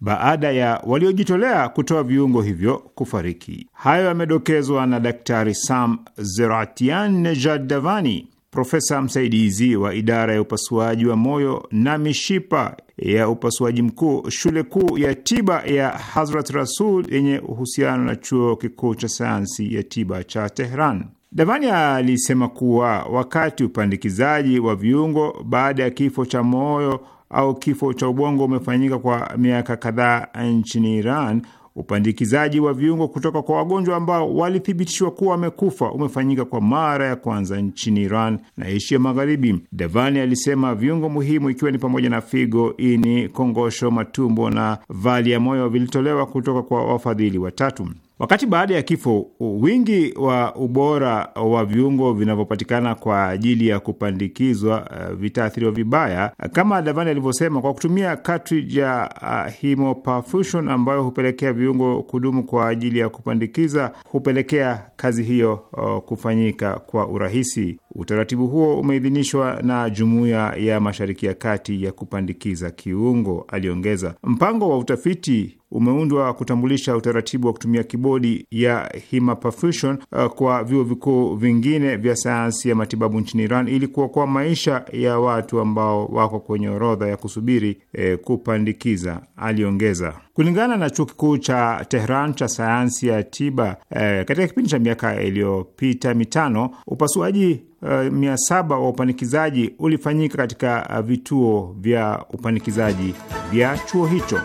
baada ya waliojitolea kutoa viungo hivyo kufariki. Hayo yamedokezwa na Daktari Sam Zeratian Nejadavani, profesa msaidizi wa idara ya upasuaji wa moyo na mishipa ya upasuaji mkuu shule kuu ya tiba ya Hazrat Rasul yenye uhusiano na chuo kikuu cha sayansi ya tiba cha Tehran. davani alisema kuwa wakati upandikizaji wa viungo baada ya kifo cha moyo au kifo cha ubongo umefanyika kwa miaka kadhaa nchini Iran, Upandikizaji wa viungo kutoka kwa wagonjwa ambao walithibitishwa kuwa wamekufa umefanyika kwa mara ya kwanza nchini Iran na Asia Magharibi. davani alisema viungo muhimu ikiwa ni pamoja na figo, ini, kongosho, matumbo na vali ya moyo vilitolewa kutoka kwa wafadhili watatu. Wakati baada ya kifo, wingi wa ubora wa viungo vinavyopatikana kwa ajili ya kupandikizwa uh, vitaathiriwa vibaya, kama Davani alivyosema, kwa kutumia cartridge ya uh, hemoperfusion ambayo hupelekea viungo kudumu kwa ajili ya kupandikiza, hupelekea kazi hiyo uh, kufanyika kwa urahisi. Utaratibu huo umeidhinishwa na Jumuiya ya Mashariki ya Kati ya kupandikiza kiungo, aliongeza. Mpango wa utafiti umeundwa kutambulisha utaratibu wa kutumia kibodi ya himaperfusion uh, kwa vyuo vikuu vingine vya sayansi ya matibabu nchini Iran ili kuokoa maisha ya watu ambao wako kwenye orodha ya kusubiri e, kupandikiza, aliongeza. Kulingana na chuo kikuu cha Tehran cha sayansi ya tiba eh, katika kipindi cha miaka iliyopita mitano upasuaji e, mia saba wa upanikizaji ulifanyika katika eh, vituo vya upanikizaji vya chuo hicho.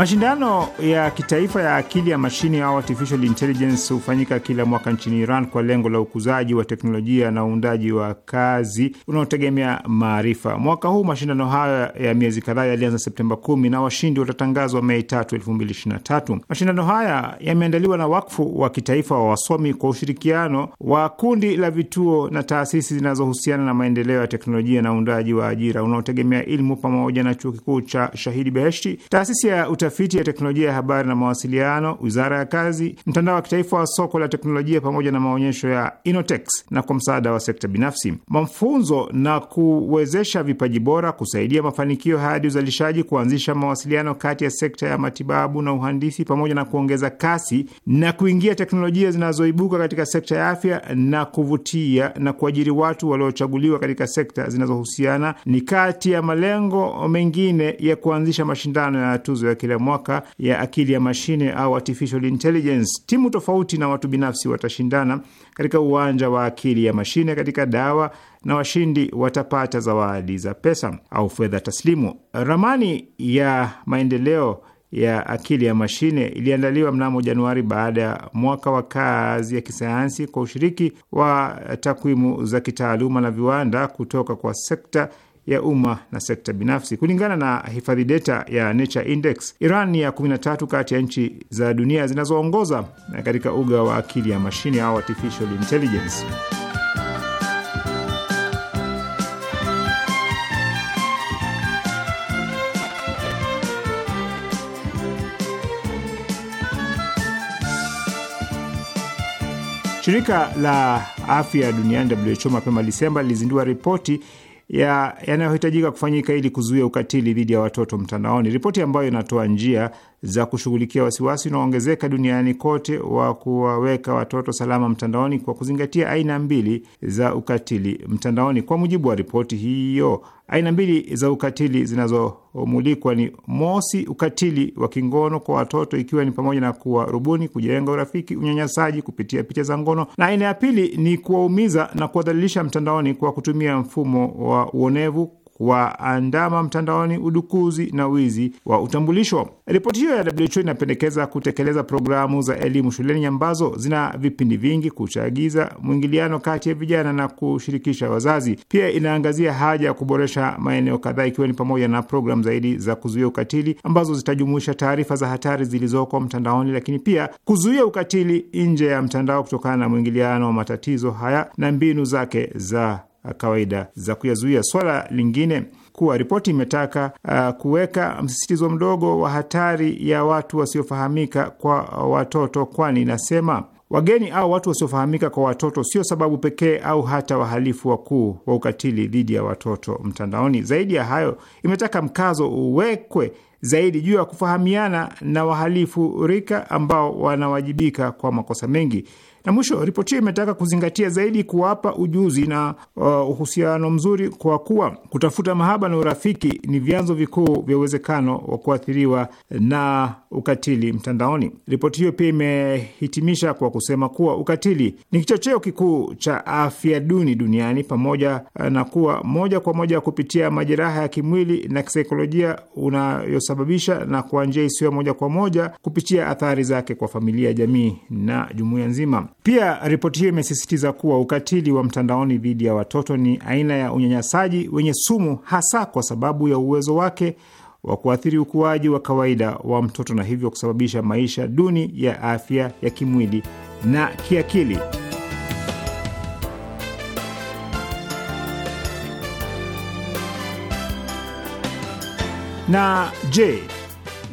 Mashindano ya kitaifa ya akili ya mashine au artificial intelligence hufanyika kila mwaka nchini Iran kwa lengo la ukuzaji wa teknolojia na uundaji wa kazi unaotegemea maarifa. Mwaka huu mashindano hayo ya miezi kadhaa yalianza Septemba 1 na washindi watatangazwa Mei t elfu Mashindano haya yameandaliwa na wakfu wa kitaifa wa wasomi kwa ushirikiano wa kundi la vituo na taasisi zinazohusiana na maendeleo ya teknolojia na uundaji wa ajira unaotegemea ilmu pamoja na chuo kikuu cha Shahidi Beheshti, taasisi ya utafiti ya teknolojia ya habari na mawasiliano, wizara ya kazi, mtandao wa kitaifa wa soko la teknolojia, pamoja na maonyesho ya Inotex na kwa msaada wa sekta binafsi. Mafunzo na kuwezesha vipaji bora, kusaidia mafanikio hadi uzalishaji, kuanzisha mawasiliano kati ya sekta ya matibabu na uhandisi, pamoja na kuongeza kasi na kuingia teknolojia zinazoibuka katika sekta ya afya na kuvutia na kuajiri watu waliochaguliwa katika sekta zinazohusiana ni kati ya malengo mengine ya kuanzisha mashindano ya tuzo ya kila mwaka ya akili ya mashine au artificial intelligence. Timu tofauti na watu binafsi watashindana katika uwanja wa akili ya mashine katika dawa na washindi watapata zawadi za pesa au fedha taslimu. Ramani ya maendeleo ya akili ya mashine iliandaliwa mnamo Januari baada ya mwaka wa kazi ya kisayansi kwa ushiriki wa takwimu za kitaaluma na viwanda kutoka kwa sekta ya umma na sekta binafsi. Kulingana na hifadhi data ya Nature Index, Iran ni ya 13 kati ya nchi za dunia zinazoongoza katika uga wa akili ya mashine au artificial intelligence. Shirika la afya duniani WHO mapema Disemba lilizindua ripoti ya yanayohitajika kufanyika ili kuzuia ukatili dhidi ya watoto mtandaoni, ripoti ambayo inatoa njia za kushughulikia wasiwasi unaoongezeka duniani kote wa kuwaweka watoto salama mtandaoni kwa kuzingatia aina mbili za ukatili mtandaoni. Kwa mujibu wa ripoti hiyo, aina mbili za ukatili zinazomulikwa ni mosi, ukatili wa kingono kwa watoto, ikiwa ni pamoja na kuwarubuni, kujenga urafiki, unyanyasaji kupitia picha za ngono, na aina ya pili ni kuwaumiza na kuwadhalilisha mtandaoni kwa kutumia mfumo wa uonevu waandama mtandaoni udukuzi na wizi wa utambulisho. Ripoti hiyo ya WHO inapendekeza kutekeleza programu za elimu shuleni ambazo zina vipindi vingi, kuchagiza mwingiliano kati ya vijana na kushirikisha wazazi. Pia inaangazia haja ya kuboresha maeneo kadhaa, ikiwa ni pamoja na programu zaidi za kuzuia ukatili ambazo zitajumuisha taarifa za hatari zilizoko mtandaoni, lakini pia kuzuia ukatili nje ya mtandao kutokana na mwingiliano wa matatizo haya na mbinu zake za kawaida za kuyazuia. Swala lingine kuwa ripoti imetaka uh, kuweka msisitizo mdogo wa hatari ya watu wasiofahamika kwa watoto, kwani inasema wageni au watu wasiofahamika kwa watoto sio sababu pekee au hata wahalifu wakuu wa ukatili dhidi ya watoto mtandaoni. Zaidi ya hayo, imetaka mkazo uwekwe zaidi juu ya kufahamiana na wahalifu rika ambao wanawajibika kwa makosa mengi. Na mwisho, ripoti hiyo imetaka kuzingatia zaidi kuwapa ujuzi na uh, uhusiano mzuri, kwa kuwa kutafuta mahaba na urafiki ni vyanzo vikuu vya uwezekano wa kuathiriwa na ukatili mtandaoni. Ripoti hiyo pia imehitimisha kwa kusema kuwa ukatili ni kichocheo kikuu cha afya duni duniani, pamoja uh, na kuwa moja kwa moja kupitia majeraha ya kimwili na kisaikolojia unayosababisha na kwa njia isiyo moja kwa moja kupitia athari zake kwa familia, jamii na jumuiya nzima. Pia ripoti hiyo imesisitiza kuwa ukatili wa mtandaoni dhidi ya watoto ni aina ya unyanyasaji wenye sumu, hasa kwa sababu ya uwezo wake wa kuathiri ukuaji wa kawaida wa mtoto na hivyo kusababisha maisha duni ya afya ya kimwili na kiakili. Na je,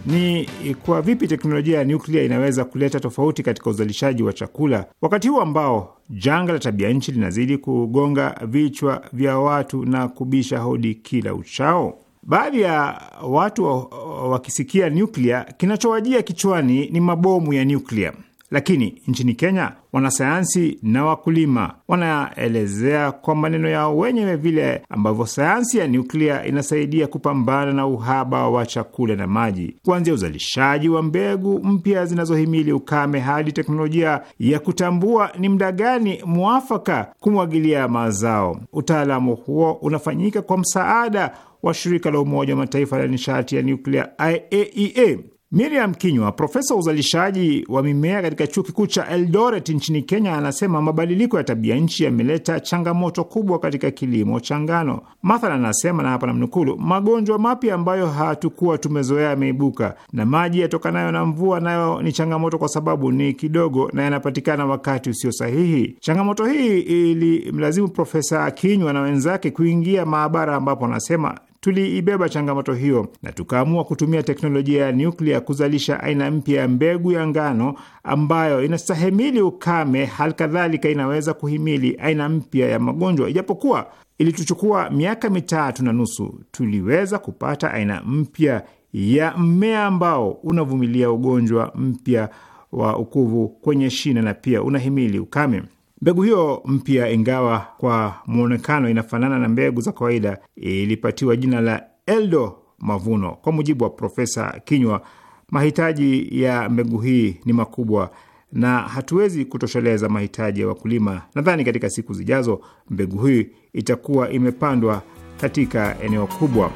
ni kwa vipi teknolojia ya nyuklia inaweza kuleta tofauti katika uzalishaji wa chakula, wakati huu ambao janga la tabia nchi linazidi kugonga vichwa vya watu na kubisha hodi kila uchao. Baadhi ya watu wakisikia nyuklia, kinachowajia kichwani ni mabomu ya nyuklia. Lakini nchini Kenya, wanasayansi na wakulima wanaelezea kwa maneno yao wenyewe vile ambavyo sayansi ya nyuklia inasaidia kupambana na uhaba wa chakula na maji, kuanzia uzalishaji wa mbegu mpya zinazohimili ukame hadi teknolojia ya kutambua ni muda gani mwafaka kumwagilia mazao. Utaalamu huo unafanyika kwa msaada wa shirika la Umoja wa Mataifa la nishati ya nyuklia IAEA. E Miriam Kinywa, profesa wa uzalishaji wa mimea katika chuo kikuu cha Eldoret nchini Kenya, anasema mabadiliko ya tabia nchi yameleta changamoto kubwa katika kilimo cha ngano. Mathala anasema na hapa namnukulu, magonjwa mapya ambayo hatukuwa tumezoea yameibuka, na maji yatokanayo na mvua nayo ni changamoto kwa sababu ni kidogo na yanapatikana wakati usio sahihi. Changamoto hii ilimlazimu Profesa Kinywa na wenzake kuingia maabara, ambapo anasema tuliibeba changamoto hiyo na tukaamua kutumia teknolojia ya nyuklia kuzalisha aina mpya ya mbegu ya ngano ambayo inastahimili ukame, hali kadhalika inaweza kuhimili aina mpya ya magonjwa. Ijapokuwa ilituchukua miaka mitatu na nusu, tuliweza kupata aina mpya ya mmea ambao unavumilia ugonjwa mpya wa ukuvu kwenye shina na pia unahimili ukame. Mbegu hiyo mpya, ingawa kwa mwonekano inafanana na mbegu za kawaida, ilipatiwa jina la Eldo Mavuno. Kwa mujibu wa Profesa Kinywa, mahitaji ya mbegu hii ni makubwa na hatuwezi kutosheleza mahitaji ya wakulima. Nadhani katika siku zijazo mbegu hii itakuwa imepandwa katika eneo kubwa.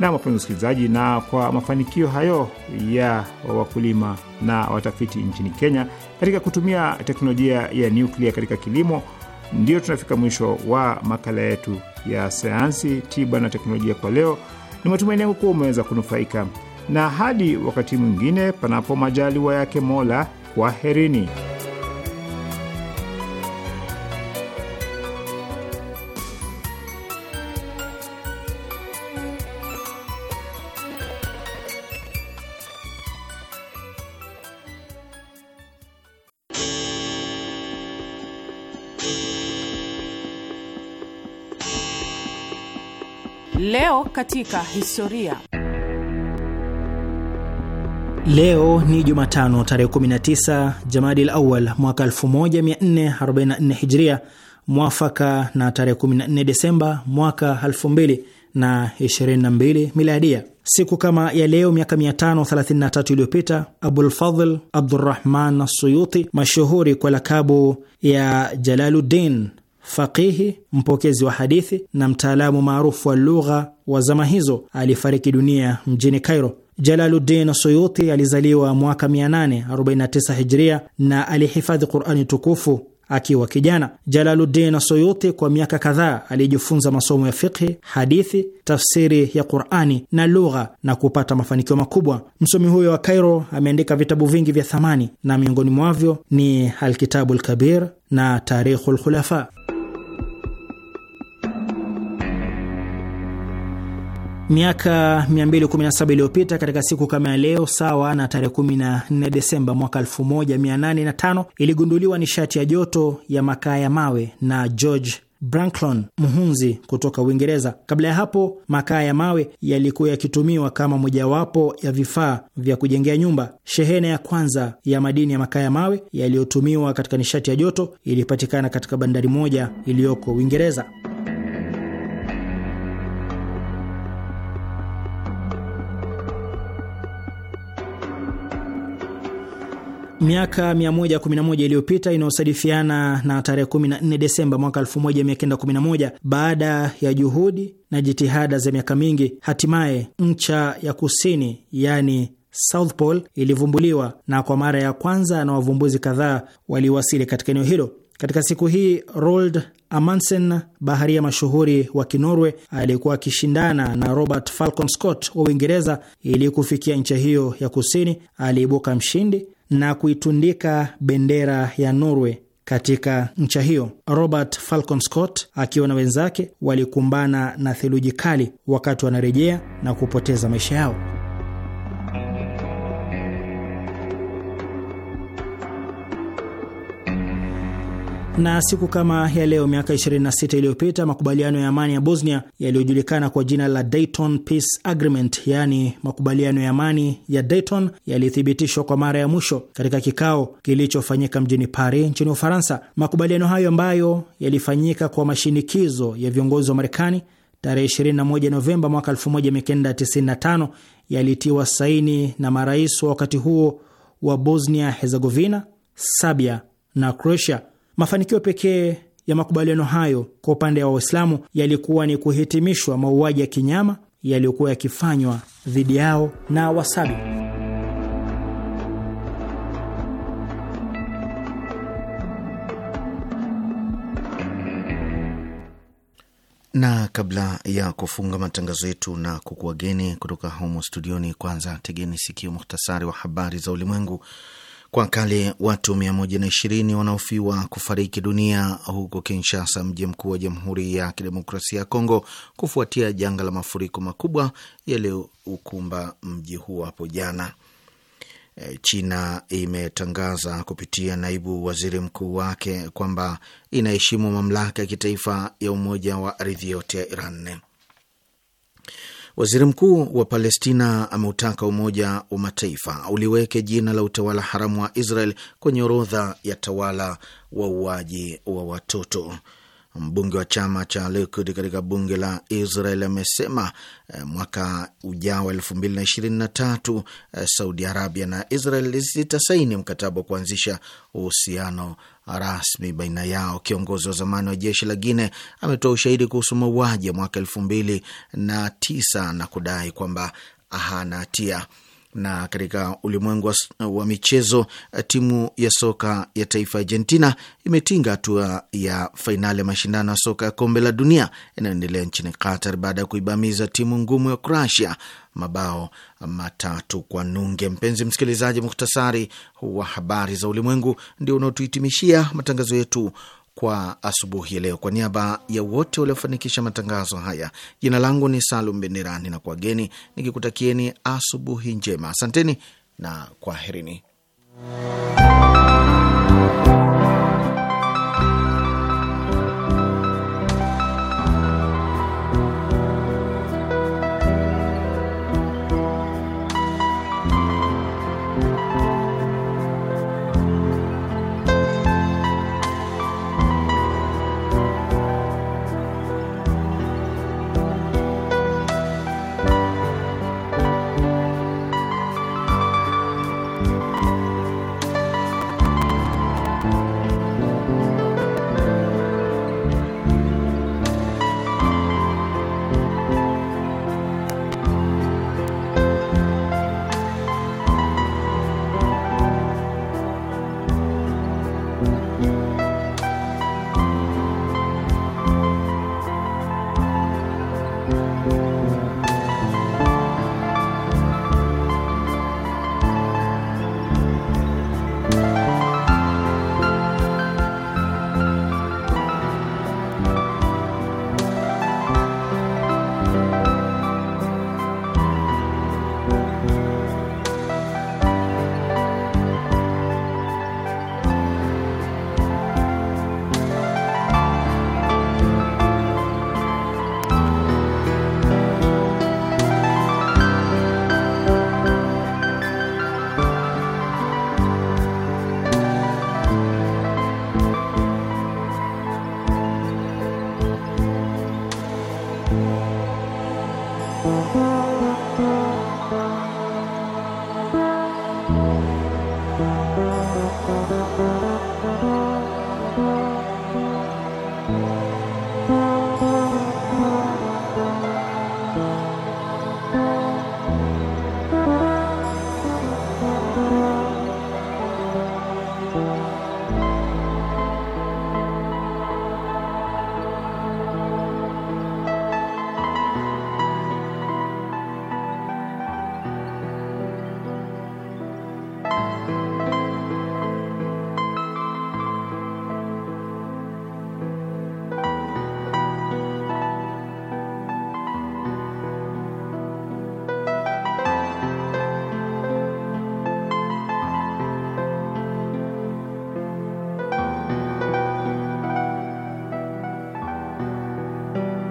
Na wapenzi wasikilizaji, na kwa mafanikio hayo ya wakulima na watafiti nchini Kenya katika kutumia teknolojia ya nyuklia katika kilimo, ndio tunafika mwisho wa makala yetu ya sayansi, tiba na teknolojia kwa leo. Ni matumaini yangu kuwa umeweza kunufaika, na hadi wakati mwingine, panapo majaliwa yake Mola, kwaherini. Leo katika historia. Leo ni Jumatano tarehe 19 Jamadil Awal mwaka 1444 Hijria, mwafaka na tarehe 14 Desemba mwaka 2022 Miladia. Siku kama ya leo miaka 533 iliyopita abulfadl Abdurrahman Suyuti, mashuhuri kwa lakabu ya Jalaluddin faqihi, mpokezi wa hadithi na mtaalamu maarufu wa lugha wa zama hizo, alifariki dunia mjini Cairo. Jalaluddin Suyuti alizaliwa mwaka 849 Hijria na alihifadhi Qurani tukufu akiwa kijana. Jalaluddin Suyuti kwa miaka kadhaa alijifunza masomo ya fiqhi, hadithi, tafsiri ya Qurani na lugha na kupata mafanikio makubwa. Msomi huyo wa Kairo ameandika vitabu vingi vya thamani na miongoni mwavyo ni Alkitabu lkabir na Tarikhu lkhulafa. Miaka 217 iliyopita katika siku kama ya leo, sawa na tarehe 14 Desemba mwaka 1805, iligunduliwa nishati ya joto ya makaa ya mawe na George Branklon, mhunzi kutoka Uingereza. Kabla ya hapo, makaa ya mawe yalikuwa yakitumiwa kama mojawapo ya vifaa vya kujengea nyumba. Shehena ya kwanza ya madini ya makaa ya mawe yaliyotumiwa katika nishati ya joto ilipatikana katika bandari moja iliyoko Uingereza. Miaka 111 iliyopita inayosadifiana na tarehe 14 Desemba mwaka 1911, baada ya juhudi na jitihada za miaka mingi, hatimaye ncha ya kusini yani South Pole ilivumbuliwa na kwa mara ya kwanza na wavumbuzi kadhaa waliwasili katika eneo hilo. Katika siku hii Roald Amundsen, baharia mashuhuri wa Kinorwe, alikuwa akishindana na Robert Falcon Scott wa Uingereza ili kufikia ncha hiyo ya kusini. Aliibuka mshindi na kuitundika bendera ya Norway katika ncha hiyo. Robert Falcon Scott akiwa na wenzake walikumbana na theluji kali wakati wanarejea na kupoteza maisha yao. Na siku kama ya leo miaka 26 iliyopita makubaliano ya amani ya Bosnia yaliyojulikana kwa jina la Dayton Peace Agreement, yaani makubaliano ya amani ya Dayton, yalithibitishwa kwa mara ya mwisho katika kikao kilichofanyika mjini Paris nchini Ufaransa. Makubaliano hayo ambayo yalifanyika kwa mashinikizo ya viongozi wa Marekani tarehe 21 Novemba mwaka 1995 yalitiwa saini na marais wa wakati huo wa Bosnia Herzegovina, Serbia na Croatia. Mafanikio pekee ya makubaliano hayo kwa upande wa Waislamu yalikuwa ni kuhitimishwa mauaji ya kinyama yaliyokuwa yakifanywa dhidi yao na Wasabi. Na kabla ya kufunga matangazo yetu na kukuwageni kutoka humo studioni, kwanza tegeni sikio muhtasari wa habari za ulimwengu kwa kale watu 120 wanaofiwa kufariki dunia huko Kinshasa, mji mkuu wa Jamhuri ya Kidemokrasia ya Kongo, kufuatia janga la mafuriko makubwa yaliyoukumba mji huo hapo jana. E, China imetangaza kupitia naibu waziri mkuu wake kwamba inaheshimu mamlaka ya kitaifa ya umoja wa ardhi yote ya Iran. Waziri mkuu wa Palestina ameutaka Umoja wa Mataifa uliweke jina la utawala haramu wa Israel kwenye orodha ya tawala wauaji wa watoto. Mbunge wa chama cha Likud katika bunge la Israel amesema eh, mwaka ujao elfu mbili na ishirini na tatu eh, Saudi Arabia na Israel zitasaini mkataba wa kuanzisha uhusiano rasmi baina yao. Kiongozi wa zamani wa jeshi la Guine ametoa ushahidi kuhusu mauaji ya mwaka elfu mbili na tisa na kudai kwamba hana hatia. Na katika ulimwengu wa, wa michezo, timu ya soka ya taifa Argentina imetinga hatua ya fainali ya mashindano ya soka ya kombe la dunia inayoendelea nchini Qatar baada ya kuibamiza timu ngumu ya Croatia mabao matatu kwa nunge. Mpenzi msikilizaji, muktasari wa habari za ulimwengu ndio unaotuhitimishia matangazo yetu kwa asubuhi ya leo. Kwa niaba ya wote waliofanikisha matangazo haya, jina langu ni Salum Benderani na kwageni nikikutakieni asubuhi njema. Asanteni na kwaherini.